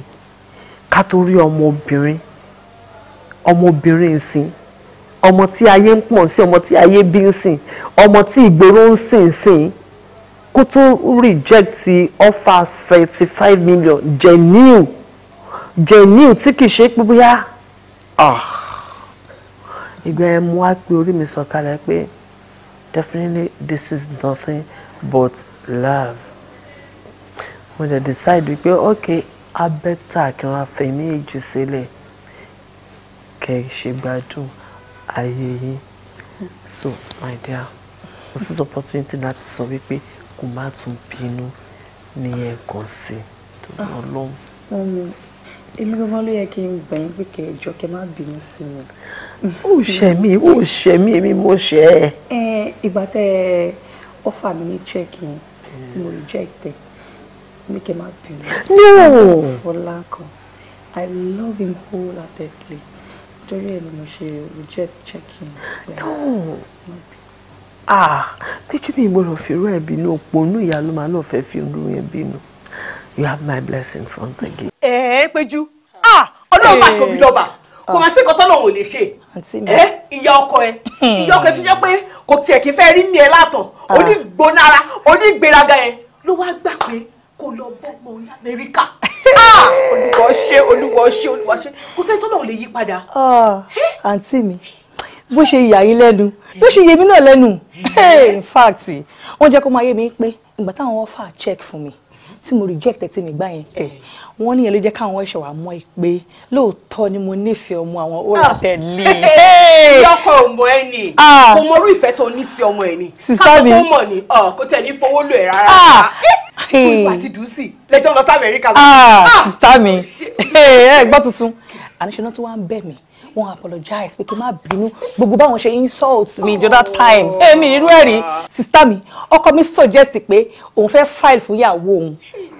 ká tó rí ọmọbìnrin ọmọbìnrin ìsìn ọmọ tí ayé ń pọ̀ sí ọmọ tí ayé bí ń sìn ọmọ tí ìgboro ń sìn sìn kó tó reject offer thirty five million genuine genuine tí kì í ṣe pé bóyá ah ìgbà yẹn mo wá pé orí mi sọ̀kalẹ̀ pé definitely this is nothing but love mo dẹ̀ decide wípé ok abẹ́tà kí wọ́n fẹ́ mi èjì sílẹ̀ kẹ́ ẹ ṣe gbádùn ayé yín so my dear mo sì sọ opportunity láti sọ wípé kò má tún bínú ní ẹ̀ẹ̀kan sí i tó lọ́ọ́ lọ́hùn èmi gbọ́n ló yẹ kí n gbà yín pé kẹjọ kẹ má bínú sí mi. ó ṣe mí ó ṣe mí èmi mo ṣe ẹ. ẹ ìgbà tẹ ọfà mi ní chẹ́ẹ̀kì tí mo reject ẹ mi kẹ má bínú. no fọlá kan i love him wholeheartedly torí ẹ ni mo ṣe reject chẹ́ẹ̀kì. no ah péjú mi gbọ́dọ̀ fi irú ẹ̀ bínú òpó inú ìyá ló máa náà fẹ́ fi irú yẹn bínú you have my blessings once again. ẹ eh, ẹ eh, péjú ah, ọlọ́run bá tóbi eh, lọ́ba kò máa ah. sí kọ́tọ́ lòun ò lè ṣe ẹ ìyá ọkọ ẹ ìyá ọkọ ẹ ti jẹ́ pé kò tiẹ̀ kí fẹ́ rí ní ẹ látàn ah. onígbónára onígbéraga ẹ ló wá gbà pé kó lọ bọ́mọ lamẹ́ríkà olùwọ́ ṣe olùwọ́ ṣe olùwọ́ ṣe kò sẹ́ni tó lòun lè yí padà. àǹtí mi bó ṣe yà yín lẹ́nu bó ṣe yẹ mí náà lẹ́nu in fact wọ́n jẹ́ kó máa yé mi pé ìgbà táwọn wọ́n fà check fún mi tí mo reject tí mi gbà yẹn kẹ̀ eh. wọ́n níyẹn ló jẹ́ káwọn ẹ̀ṣọ́ wa mọ̀ ẹ́ pé lóòótọ́ ni mo nífẹ̀ẹ́ ọmọ àwọn ó rà ah. tẹ̀lé. yọkọ òmò ẹ ni ah. kò mọ orú ìfẹ́ tó ní sí ọmọ ẹ ni káàkó tó mọ̀ ni ah, kò tẹ̀ ní fowó lò ẹ̀ rárá kúrú àti dùúsì lẹ́jọ́ lọ sí Amẹ́ríkà. sísá mi oh, ẹ gbọ́ tuntun àníṣe náà tí wọ́n á bẹ̀ mí wọ́n apologize pé kí n má bínú gbogbo báwọn ṣe insult me the that time oh. èmi irú ẹ̀ rí sista mi ọkọ mi suggest pé òun fẹ́ file fún ìyàwó òun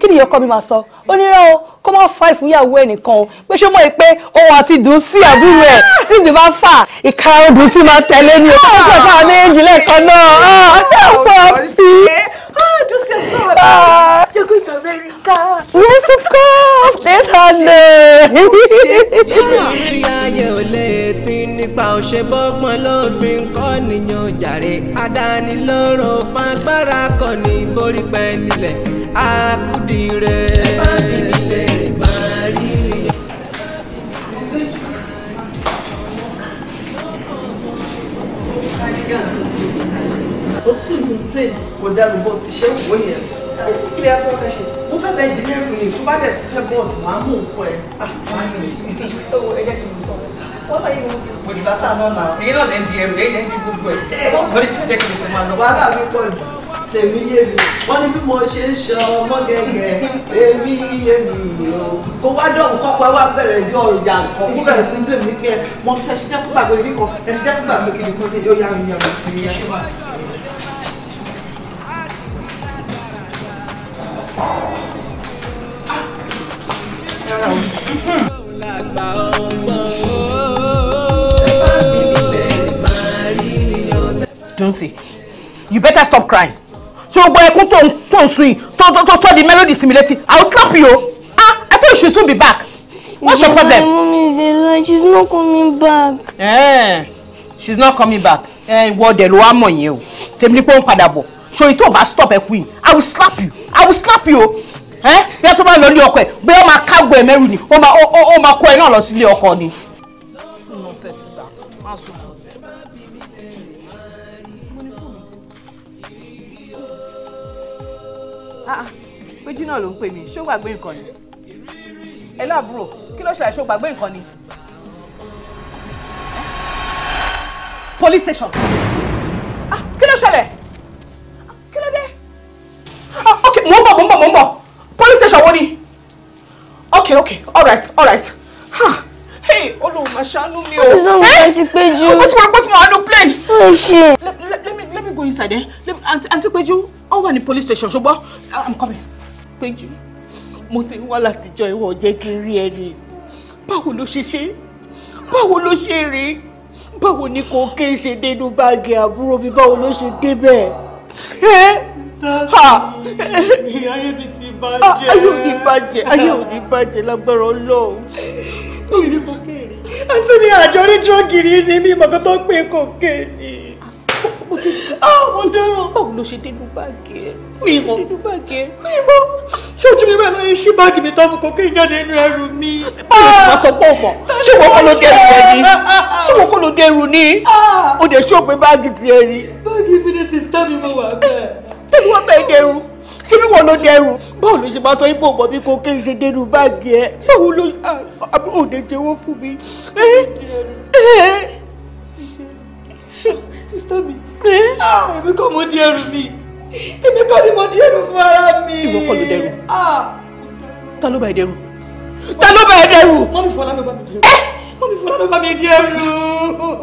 Kini ni ọkọ mi máa sọ onírọ́ o kó má fà ìfúnyàwó ẹnìkan o pé ṣé mọ̀ ẹ́ pé ohun àti dùn sí àbúrò ẹ̀ tí ìdí bá fà ìkara odùn sí máa tẹ̀lé ni o kí ṣe fà méjì lẹ́ẹ̀kan náà ah, ah, ah, ọ̀pọ̀ sí. You're going to America. Yes, of course. Eight hundred. nípa òṣèbọ́gbọ́n lófin kọ́ nìyàn jàre adánilóró fagbára kọ́ ní borí pẹ́ nílẹ̀ àkúdìrẹ́. complain kò dá mi ti ṣe wò yẹn kí lè tí wọ́n mo fẹ́ bẹ engineering ni tó bá dẹ̀ ti fẹ́ bọ́ọ̀dù máa mú nǹkan ẹ̀ ah, owó ẹgbẹ́ kì í sọ wọ́n láyé mo ti gbòdì látà náà èyí náà lẹ́ndì ẹrù èyí lẹ́ndì gbogbo ẹ̀ lórí fẹ́jẹ́ kì í fẹ́ máa lọ. tèmi yé mi wọ́n ní bí mo ṣe ń ṣe ọmọ gẹ́gẹ́ èmi yé mi o kó wá dọ̀hún kọ́kọ́ wá bẹ̀rẹ̀ ẹjọ́ ọ̀rọ̀jà nǹkan kó bẹ̀rẹ̀ sí ń bèmí pé mo ṣe ṣiṣẹ́ kó gbàgbé kíkan ẹ ṣiṣẹ́ kó gbàgbé kíkan ó yá mi yá mi. Dunsi, you better stop crying. So go ekun to to swing, to to to study melody simulating. I will slap you. Ah, I thought you should soon be back. What's your problem? My mom is alive. She's not coming back. Eh, she's not coming back. Eh, ìwọ dẹ̀ ló wá mọ̀ yẹn o. Tèmi ni pé ó ń padà bọ̀. So ìtò bá stop ẹkún yìí. I will slap you. I will slap you ẹ yẹ tó bá lọ ilé ọkọ ẹ bóyá ó máa kágo ẹ mẹ́rù ni ó máa ó máa kó ẹ náà lọ sí ilé ọkọ ni. Ah, ah, péjú náà ló ń pè mí ṣó gbàgbé nǹkan ni ẹ láàbúrò kí ló ṣàlàyé ṣó gbàgbé nǹkan ni. police station ah, kí ló ṣẹlẹ̀ kí ló dé. ok mò ń bọ̀ mò ń bọ̀ mò ń bọ̀ police station wo ni okay okay all right all right Huh? hey Ọlọ́run ma ṣàánú mi o ó ti sọ wọn ti péjú ó ti wá pé tí mo wà ní ṣe. let me let me go inside eh aunty péjú ó wà ní police station ṣùgbọ́n uh, i'm coming. péjú mo ti ń wá látijọ́ ìwọ jẹ́ kí n rí ẹni báwo ló ṣe ṣe báwo ló ṣe rí báwo ni kò ké ṣe dénú báàgì àbúrò mi báwo ló ṣe débẹ̀. Eh? sísá mi ìyá yẹn mi ti bàjẹ́. ayé ò ní bàjẹ́ ayé ò ní bàjẹ́ lágbára ọlọ́run. kiri kòkèrè àti ní àjọ onídúró kiri ni mi mọ̀kọ́ tó pé kòkèrè. mo ah, dẹ́rọ̀. báwo ló ṣe dénú báàgì ẹ̀. mi mọ̀ dénú báàgì ẹ̀. mi mọ̀ ṣojú mi báyìí lóye ṣí báàgì mi tó fún kòkè jáde inú ẹrù mi. báwo ni ah! màá sọ pé ọmọ ṣé wọn kọ ló dẹrù ẹ ni ṣé wọn kọ ló dẹrù ni ah! o dẹ̀ ṣó ṣé bí wọn ló dẹrù báwo ló ṣe máa sọ ibò mọ bí kò kéyìn ṣe dẹrù báàgì ẹ báwo ló ah, àbúrò òde jẹ́wọ́ fún mi. sísá ah, mi èmi kò mọ di ẹrù mi èmi kò ní mọ di ẹrù fún ara mi. ìwọ kọ́ ló dẹrù ah. ta ló bá ẹ dẹrù ta ló bá ẹ dẹrù. mọ́mí fọlá ló bá mi dẹrù. mọ́mí fọlá ló bá mi dẹrù. mọ́mí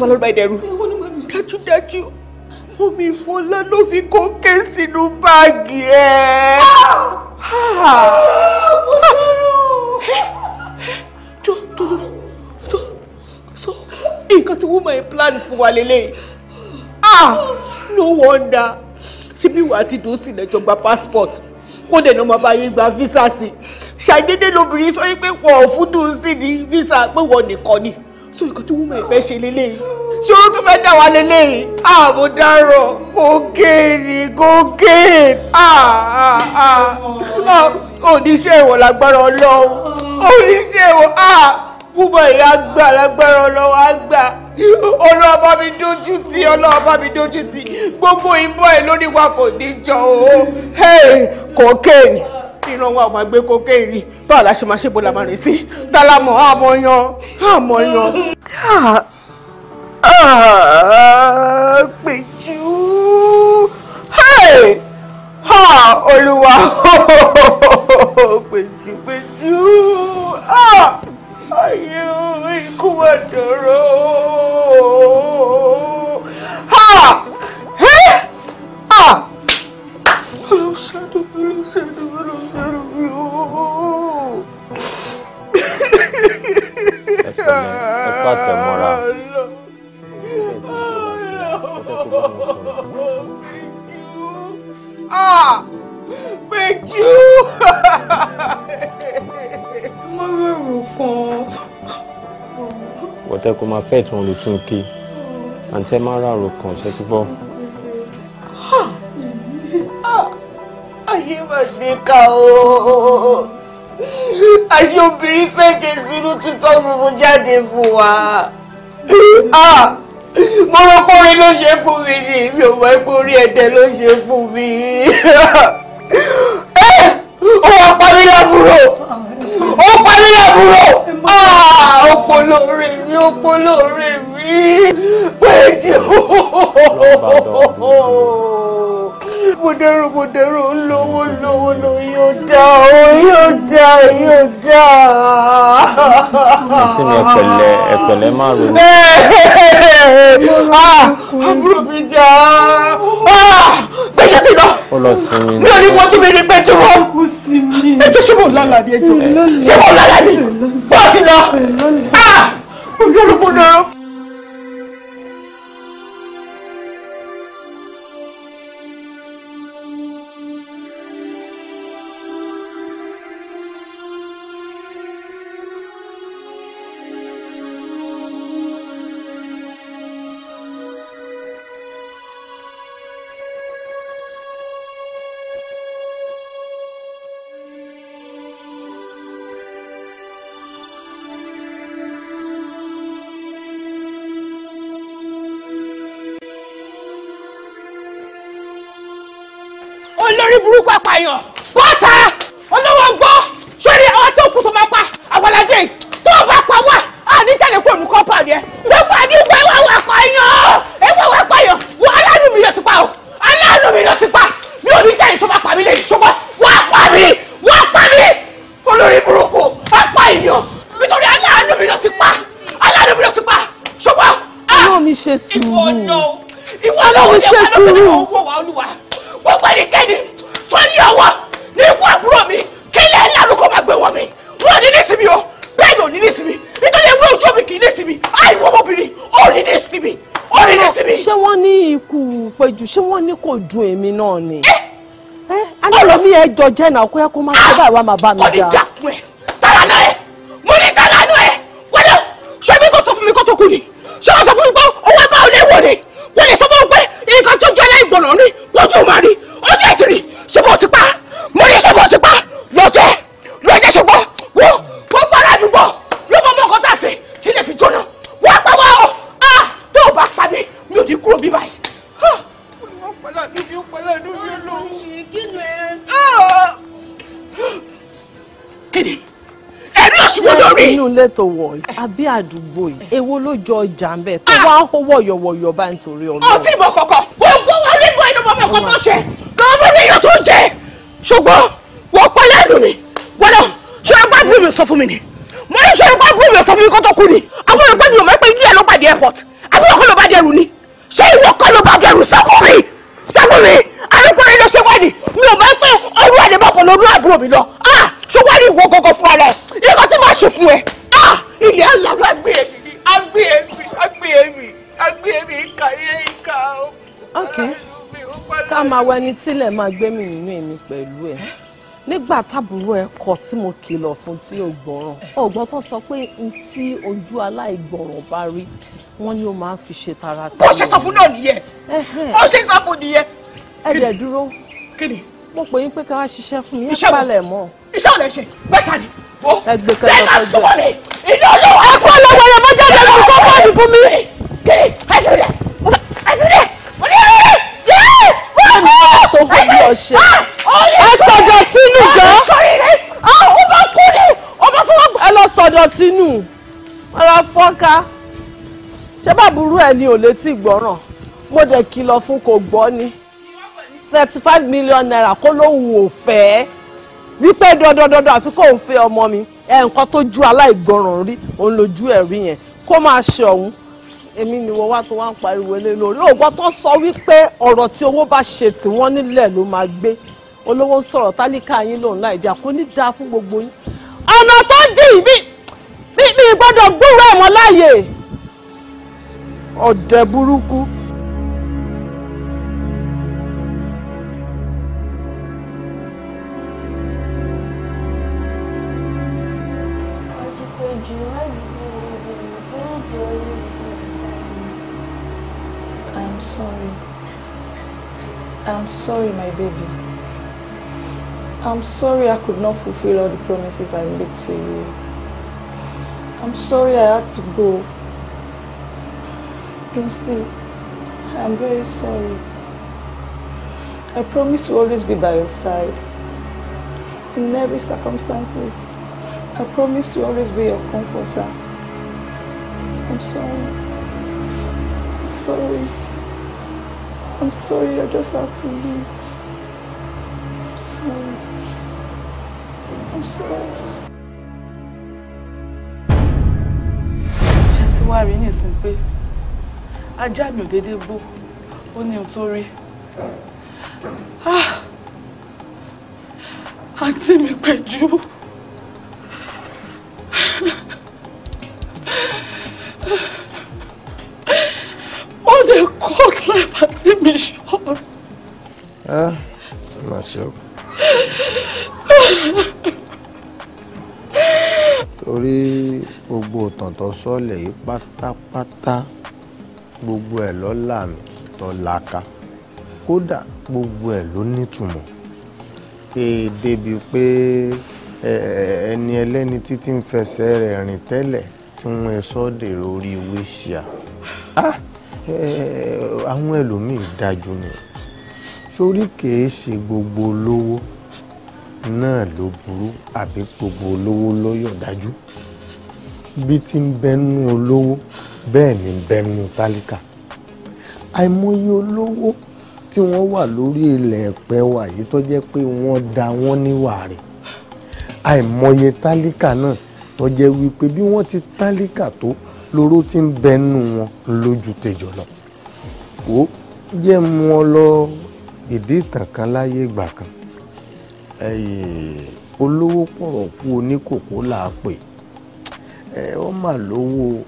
fọlá ló bá ẹ dẹrù dájúdájú mọ́mí Fọlá ló fi kókè sínú báàgì ẹ̀. mo dárò. so nǹkan tí plan fún wa lélẹ̀ ah no wonder ṣebí wàá ti dùn sí lẹ́jọ́ gba passport kó dẹ̀ náà máa bá yín gba visa sí ṣàdédé lóbìnrin sọ pé wọ́n ò fún dùn sí ní visa pé wọ́n nìkan ni so nǹkan tí woman ìfẹ́ ṣe leléyìí ṣé oró tó fẹ́ dà wá leléyìí ah dárọ̀ mo géèrè ah, ah ah ah oníṣẹ́ ìwọ̀ lágbára ọlọ́run oníṣẹ́ ìwọ̀ ah woman ìyá gbà lágbára ọlọ́run á gbà ọlọ́run bá mi dójú tì ọlọ́run bá mi dójú tì gbogbo ìbọn ẹ̀ lórí wa kò ní jọ o hey cocaine ìran wa máa gbé kokéèrì báwo la ṣe máa ṣe bọ́lá máa rìn sí tálámọ̀ àmọ̀yàn àmọ̀yàn. Ah, ah, pèjú ah, olúwa pèjú pèjú ayé ikú wà dọ̀rọ̀. Olha o shadow, olha o shadow, olha o shadow mi o. Ẹ pàtẹ mọ́ra. Ah! Péjú! Má bẹ̀rù kan. Wọ́tẹ́ kò máa fẹ́ ìtàn olùtúnkì. Àǹtí ẹ má rárò kan, ṣe ti gbọ́. ayé mà níkà o àṣé obìnrin fẹ́ jésù inú tútọ́ funfun jáde fún wa mo rò pé orin ló ṣe fún mi ni mi ò mọ̀ pé orí ẹ̀dẹ̀ ló ṣe fún mi ó wá pa lábúrò ó pa lábúrò ó mi ó mi péjú mo dẹrù mo dẹrù lówó lówó lówó yóò dá o yóò dá yóò dá. ẹtí mi ẹpẹ̀lẹ́ ẹpẹ̀lẹ́ máa ronú. àbúrò mi dá gbẹjọ ah, ti lọ mi ò ní wọ́n tún mi ní gbẹjọ wọn ẹjọ ṣé mo lálàá ni ẹjọ ṣé mo lálàá ni bọ́ọ̀ ti lọ ah, olórúkọ kò dùn èmi náà ni. ẹ ẹ alẹ́ mi ẹ jọ jẹ́ náà kó yẹ kó má ṣe báyìí wá máa bá mi ah, jà. kọ́ni jà fún ẹ. kíni ẹni òṣùwò lórí. inú ilé tó wọ̀ yìí àbí àdúgbò yìí èwo ló jọ ọjà ń bẹ tó ah! wá owó yọ̀wọ̀yọ̀ bá ń torí ọlọ́run. ọtí ìbọn kọ̀kọ̀ gbogbo wa nígbà inú bọ́mọ kan tó ṣe lọ́wọ́ níyàn tó jẹ ṣùgbọ́n wọ́n pẹ́ lẹ́nu mi wọ́n ṣe ẹgbẹ́ bí mi sọ fún mi ni mo ní ṣe ẹgbẹ́ bí mi sọ fún mi kó tó kú ni àwọn ẹgbẹ́ mi ò mọ̀ pé ilé ẹ̀ ló pàdé airport àbí ọkọ ló bá dẹrù ni ṣé ìwọ kọ́ sọ́kùnrin àrùn pẹ̀lú ẹ̀dọ́ ṣe wá mi ò mọ̀ pé ọrùn àdébọ̀pọ̀ lọ́dún àbúrò mi lọ ah ṣé wàá rí ìwọ gọgọ fún ara ẹ nǹkan tí màá ṣe fún ẹ ah! ilé alára gbé èmi agbé èmi agbé èmi agbé èmi ìka ilé ìka o. ok ká máa wọ ẹni tílẹ̀ máa gbé mi nínú èmi pẹ̀lú ẹ̀ nígbà tábùrú ẹ kọ tí mo kìlọ̀ fún tí ò gbọ́ràn ọ̀gbọ́n tó sọ pé n tí ojú aláìgbọràn bá rí wọ́n ní ó máa ń fi ṣe tara tí. bó ṣe sọ fún náà nìyẹn bó ṣe sọ fún nìyẹn. ẹ dẹ̀ dúró. kí ni mo pè yín pé ká wá ṣiṣẹ́ fún mi yẹn palẹ̀ mọ́. iṣẹ́ ò lè ṣe bẹ́tà ni. ẹ gbé kan lọ kọjọ. iná olówó. ẹ kú ọlọ́wọ́ rẹ̀ mo jáde lórí kọ́kọ́ọ̀dù fún mi. kiri àìsílẹ̀ àìsílẹ̀ mo ní ẹ̀rọ rẹ̀ yé. bẹ́ẹ̀ ni wọ́n tó hàn ní ọ̀ṣẹ́. Ah! ẹ sọ̀dọ̀ tínú ah! jọ. ọmọ ah! kú ni ọmọ fún wa. ẹ lọ sọ̀dọ̀ tínú ara fọ́nká ṣé bàbúrú ẹ ni ò létí gbọ́ràn mo dẹ̀ kìlọ̀ fún kò gbọ́ ni thirty five million naira kó lóun ò fẹ́ wípé dandandandan àfi kóun fẹ́ ọmọ mi ẹ nǹkan tó ju aláìgbọràn rí òun lójú ẹ̀ rí yẹn kó máa ṣe ọ̀hún èmi ni wọ́n wá tó wá ń pariwo lé lórí òògùn tó sọ wípé ọ̀rọ̀ tí owó bá ṣe tí wọ́n nílẹ̀ ló máa gbé olówó ń sọ̀rọ̀ tálíkà yín lòun láì dí àkó ní dáa fún gbogbo yín ọ̀nà tó dì bí bí gbọ́dọ̀ gbúrò ẹ̀mọ́ láàyè ọ̀dẹ̀ burúkú. sorry, my baby. I'm sorry I could not fulfill all the promises I made to you. I'm sorry I had to go. Don't see, I'm very sorry. I promise to always be by your side. In every circumstances, I promise to always be your comforter. I'm sorry. I'm sorry. I'm sorry, I just have to leave. I'm sorry. I'm sorry. Ṣé ti wá rí nísìn pé ajá mi ò déédéé bó ó ní ohun tó rí? Ah! Àǹtí mi pẹ̀jú. ṣẹ́gun torí gbogbo ìtàn tó sọ́ọ̀lẹ̀ yìí pátápátá gbogbo ẹ̀ lọ́la mi tó laka kódà gbogbo ẹ̀ ló nítumọ̀ débi pé ẹni ẹlẹ́ni títí ń fẹsẹ̀ rẹ̀ rìn tẹ́lẹ̀ tí wọ́n ẹ sọ́ọ̀dẹ̀ lórí wíṣíà ah! àwọn ẹlòmíì dájú ni sórí kìí ṣe gbogbo olówó náà ló burú àbí gbogbo olówó ló yọ̀ dájú bí ti ń bẹnu olówó bẹ́ẹ̀ ni ń bẹnu tálíkà àìmọye olówó tí wọ́n wà lórí ilẹ̀ ẹ̀pẹ́ wa yìí tó jẹ́ pé wọ́n da wọ́n níwà rẹ̀ àìmọye tálíkà náà tó jẹ́ wípé bí wọ́n ti tálíkà tó lóró tí ń bẹnu wọn lójú tèjọ lọ ó jẹ́ mu ọ lọ ìdí ìtàn kan láyé ìgbà kan olówó pọ̀rọ̀ kú oníkòkó là á pè ó mà lówó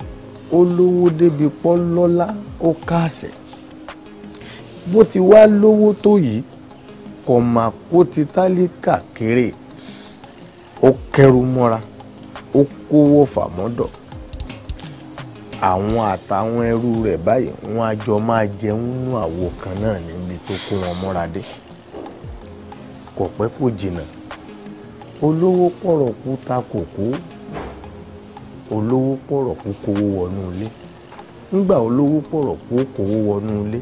ó lówó débi pọ́ lọ́lá ó káàsẹ̀ bó ti wá lówó tó yìí kò mà kó ti tálíkà kéré ó kẹrù mọ́ra ó kówó fàmọ́dọ̀ àwọn àtàwọn ẹrú rẹ̀ báyìí wọ́n á máa jẹun nínú àwo kan náà ní tó kó wọn mọ́ra dé kò pẹ́ kò jìnnà olówó pọ̀rọ̀ kú ta kòkó olówó pọ̀rọ̀ kú kówó wọnú ilé nígbà olówó pọ̀rọ̀ kú kówó wọnú ilé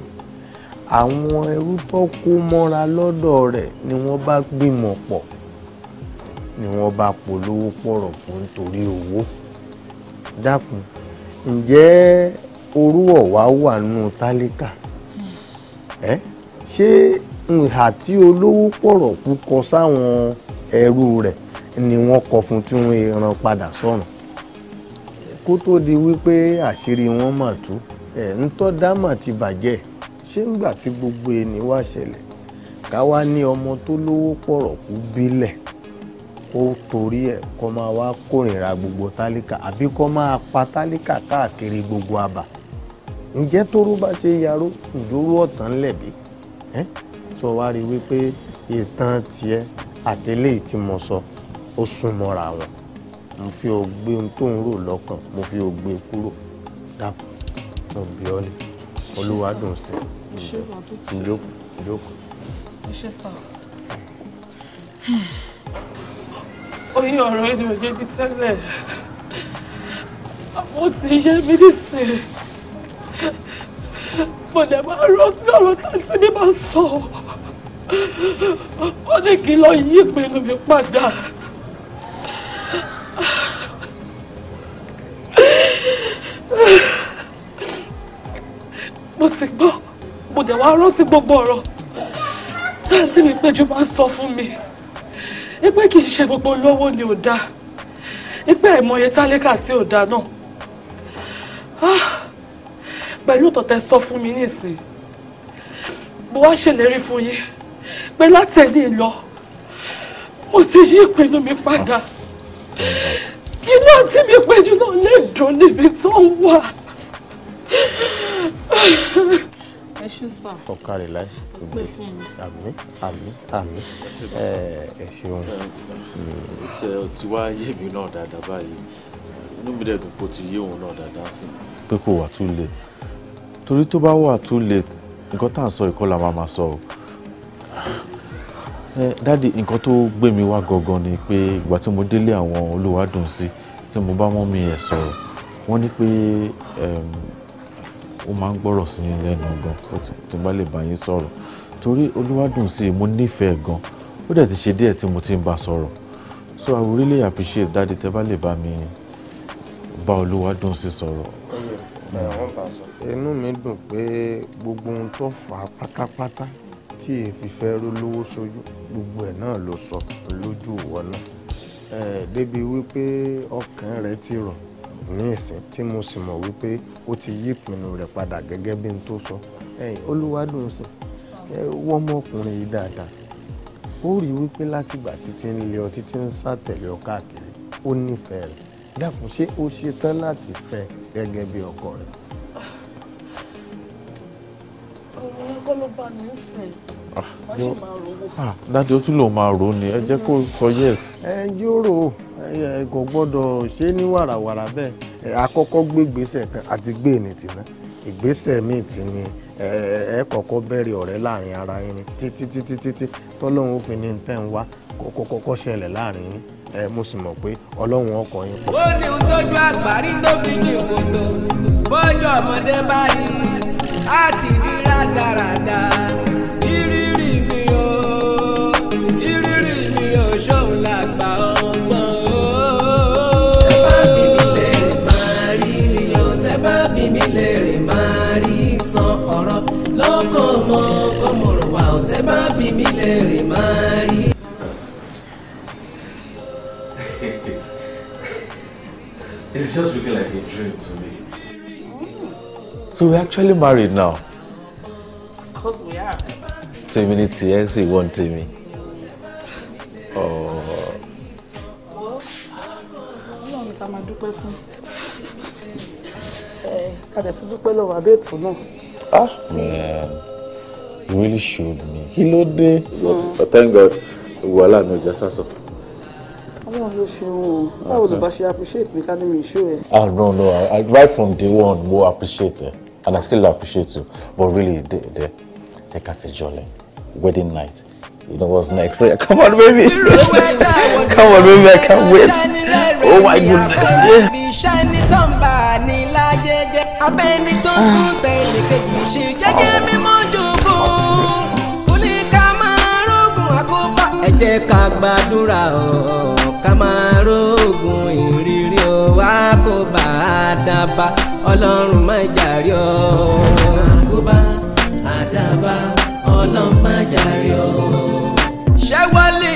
àwọn ẹrú tó kó mọ́ra lọ́dọ̀ rẹ̀ ni wọ́n bá gbìmọ̀ pọ̀ ni wọ́n bá polówó pọ̀rọ̀ kú nítorí owó dákun ǹjẹ́ orú ọ̀wá wà nù tálíkà ẹ́. Eh? ṣé ìhà tí olówó pọ̀rọ̀ kú kọ sáwọn ẹrú rẹ̀ ni wọ́n kọ fún tí wọ́n ran padà sọ́run kó tó di wípé àṣírí wọn mà tú ẹ̀ ń tọ́ dámà ti bàjẹ́ ṣé ńgbà tí gbogbo ẹni wá ṣẹlẹ̀ ká wá ní ọmọ tó lówó pọ̀rọ̀ kú bílẹ̀ ó torí ẹ̀ kó máa wá kórìíra gbogbo tálíkà àbí kó máa pa tálíkà káàkiri gbogbo àbà ǹjẹ́ tóró bá ṣe yaró ìdóró ọ̀tán lẹ̀bi so wá rí wípé ìtàn tiẹ̀ àtẹlé tí mo sọ ó sún mọ́ra wọn mo fi ògbé tó ń rò lọ́kàn mo fi ògbé e kúrò dàpọ̀ mo bí ọ́ ni olúwadùn sí ìjókòó ìjókòó. ṣe sọ oyin ọ̀rọ̀ ẹni ò yé mi tẹ́lẹ̀ mo ti yé mi nísìnyí mo dẹ̀ máa rántí ọ̀rọ̀ táǹtì mi máa sọ wọ́n ní kí n lọ yí ìpinnu mi padà. mo ti gbọ́ mo dẹ̀ wá rántí gbogbo ọ̀rọ̀ táǹtì mi péjú máa ń sọ fún mi ipe kì í ṣe gbogbo olówó ni ò dáa ipe àìmọye tálákà tí ò dáa náà. Ah! pẹ̀lú tọ̀tẹ̀ sọ fún mi nísìn mo wá ṣèlérí fún yín pé láti ẹni lọ mo ti yí ìpinnu mi padà iná tí mi péjú náà lè dùn níbi tó ń wà. ẹ ṣe sá. ọ̀kadì láì òde àmì àmì àmì ẹ ṣeun. ó ti wá yé mi náà dáadáa báyìí inú mi dẹ̀ dùn kó ti yé òun náà dáadáa sí. pé kò wà tún lè torí tó bá wà too late nǹkan tá à ń sọ ìkọlà máa máa sọ o eh, dáàdi nǹkan tó gbé mi wá gangan ni pé ìgbà tí mo délé àwọn olùwádùn sí tí mo bá mọ́ mi ẹ̀ sọ̀rọ̀ wọ́n ní pé ehm, ó máa ń gbọ́rọ̀ sí yín lẹ́nu gan tí bá lè bá yín sọ̀rọ̀ torí olùwádùn sí mo nífẹ̀ẹ́ gan ó dẹ̀ ti ṣe díẹ̀ tí mo ti ń bá sọ̀rọ̀ so I really appreciate dáàdi tẹ́ bá lè bá mi bá olùwádùn sí sọ̀rọ̀ inú mi dùn pé gbogbo ohun tó fà á pátápátá tí èéfì fẹ́ lówó sójú gbogbo ẹ̀ náà ló sọ lójú ìwọ náà débi wípé ọkàn rẹ ti rọ̀ ní ìsìn tí mo sì mọ̀ wípé ó ti yí ìpinnu rẹ̀ padà gẹ́gẹ́ bí n tó sọ olúwadùn sí wọ́n mọ́kùnrin yìí dáadáa ó rí wípé látìgbà títí ń lé ọ títí ń sàtẹ̀lé ọ káàkiri ó nífẹ̀ẹ́ rẹ̀ dákun ṣé ó ṣetán láti fẹ́ gẹ́gẹ́ bí ọkọ rẹ̀. bá mi sìn wọ́n ah, sì máa rówó. Ah, dáàdi ó tún lòun máa rò ni ẹ jẹ́ kó sọ yes. ẹ jóró ẹ kò gbọ́dọ̀ ṣe ní wàràwàrà bẹ́ẹ̀ àkọ́kọ́ gbé ìgbésẹ̀ kan àti gbé ní tìǹà ìgbésẹ̀ míì tì ní ẹ kọ́kọ́ bẹ̀rẹ̀ ọ̀rẹ́ láàrin ara yín títí títí títí tọ́lọ́run fi ní tẹ́ ń wá kọ́kọ́ ṣẹlẹ̀ láàrin yín ẹ mo sì mọ̀ pé ọlọ́run ọkọ̀ yín pọ̀. ó ní tọ́jú àgbárí tó fi ní ìkòtò bọ́jọ́ ọmọdé bá rí i á ti rí i rádaràda ìrírí It's just looking like a dream to me. So we're actually married now tèmi ní tiẹ̀ sì wọ́n ní tèmi. ọlọ́run ká máa dúpẹ́ fún padà sí dúpẹ́ lọ́wọ́ abẹ́ ètò náà. ah man you really showed me kí ló dé hmm. but thank God wàhálà mi ò jẹ́ sásọ wọn ló ṣeun báwo ló bá appreciate mi ká ní mi ṣó ah no no I, I, right from day one mo appreciate it, and I still appreciate you but really the the de ká fi jọlẹ wedding night. You know what's next? So yeah, come on, baby. come on, baby. I can't wait. Oh my goodness. ẹ jẹ́ ká gbàdúrà ọ̀ ká máa rógun ìrírí ó wá kó bá a dábàá ọlọ́run má jàre ọ̀ kó bá ọlọ́mọ jàre o. ṣé wọ́n lè.